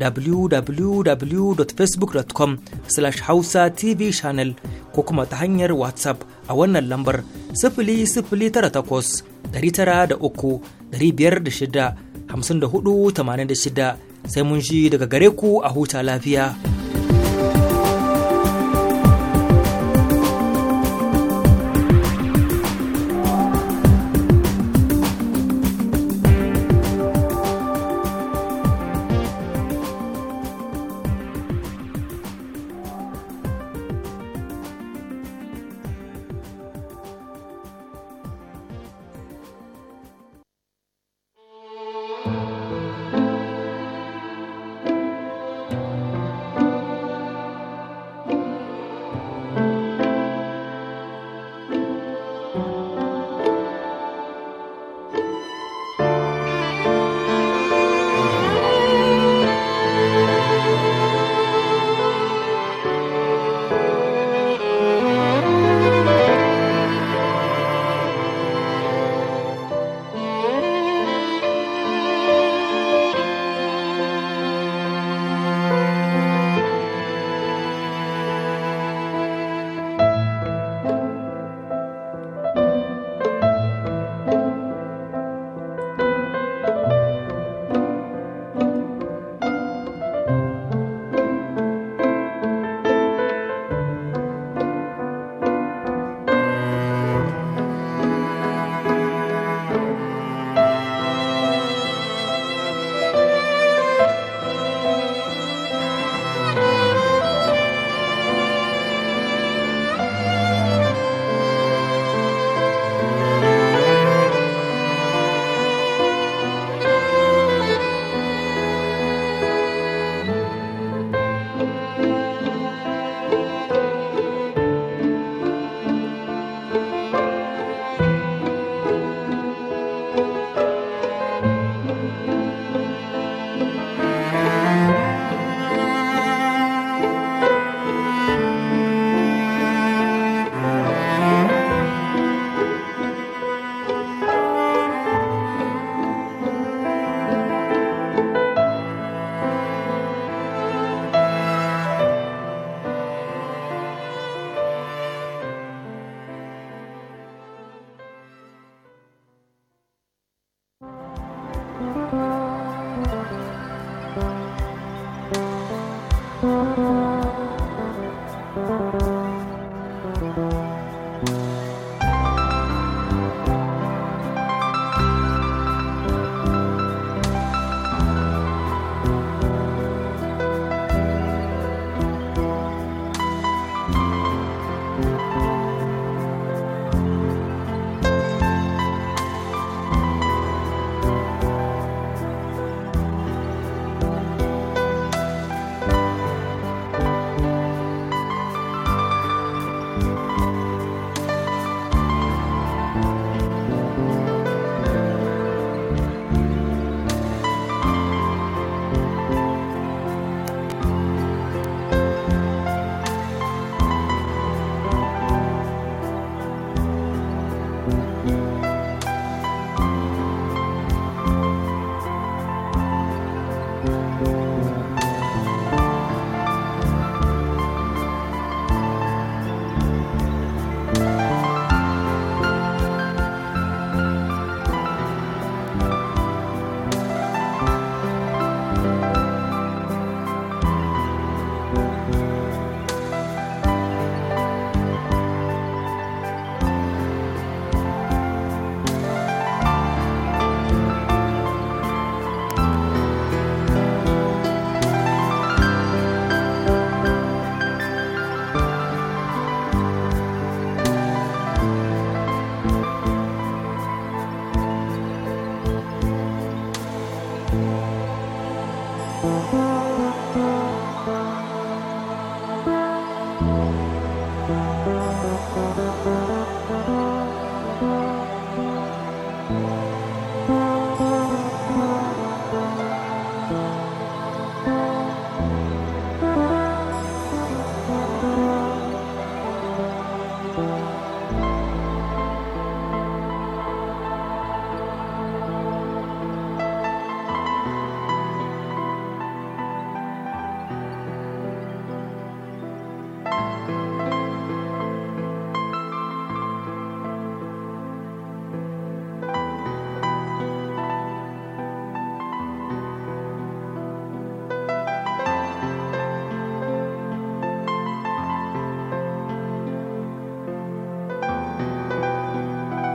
www.facebook.com slash hausa tv channel ko kuma ta hanyar whatsapp a wannan lambar sifili sifili da takwas ɗari tara uku biyar shida hamsin da hudu tamanin da shida sai mun shi daga gare ku a huta lafiya.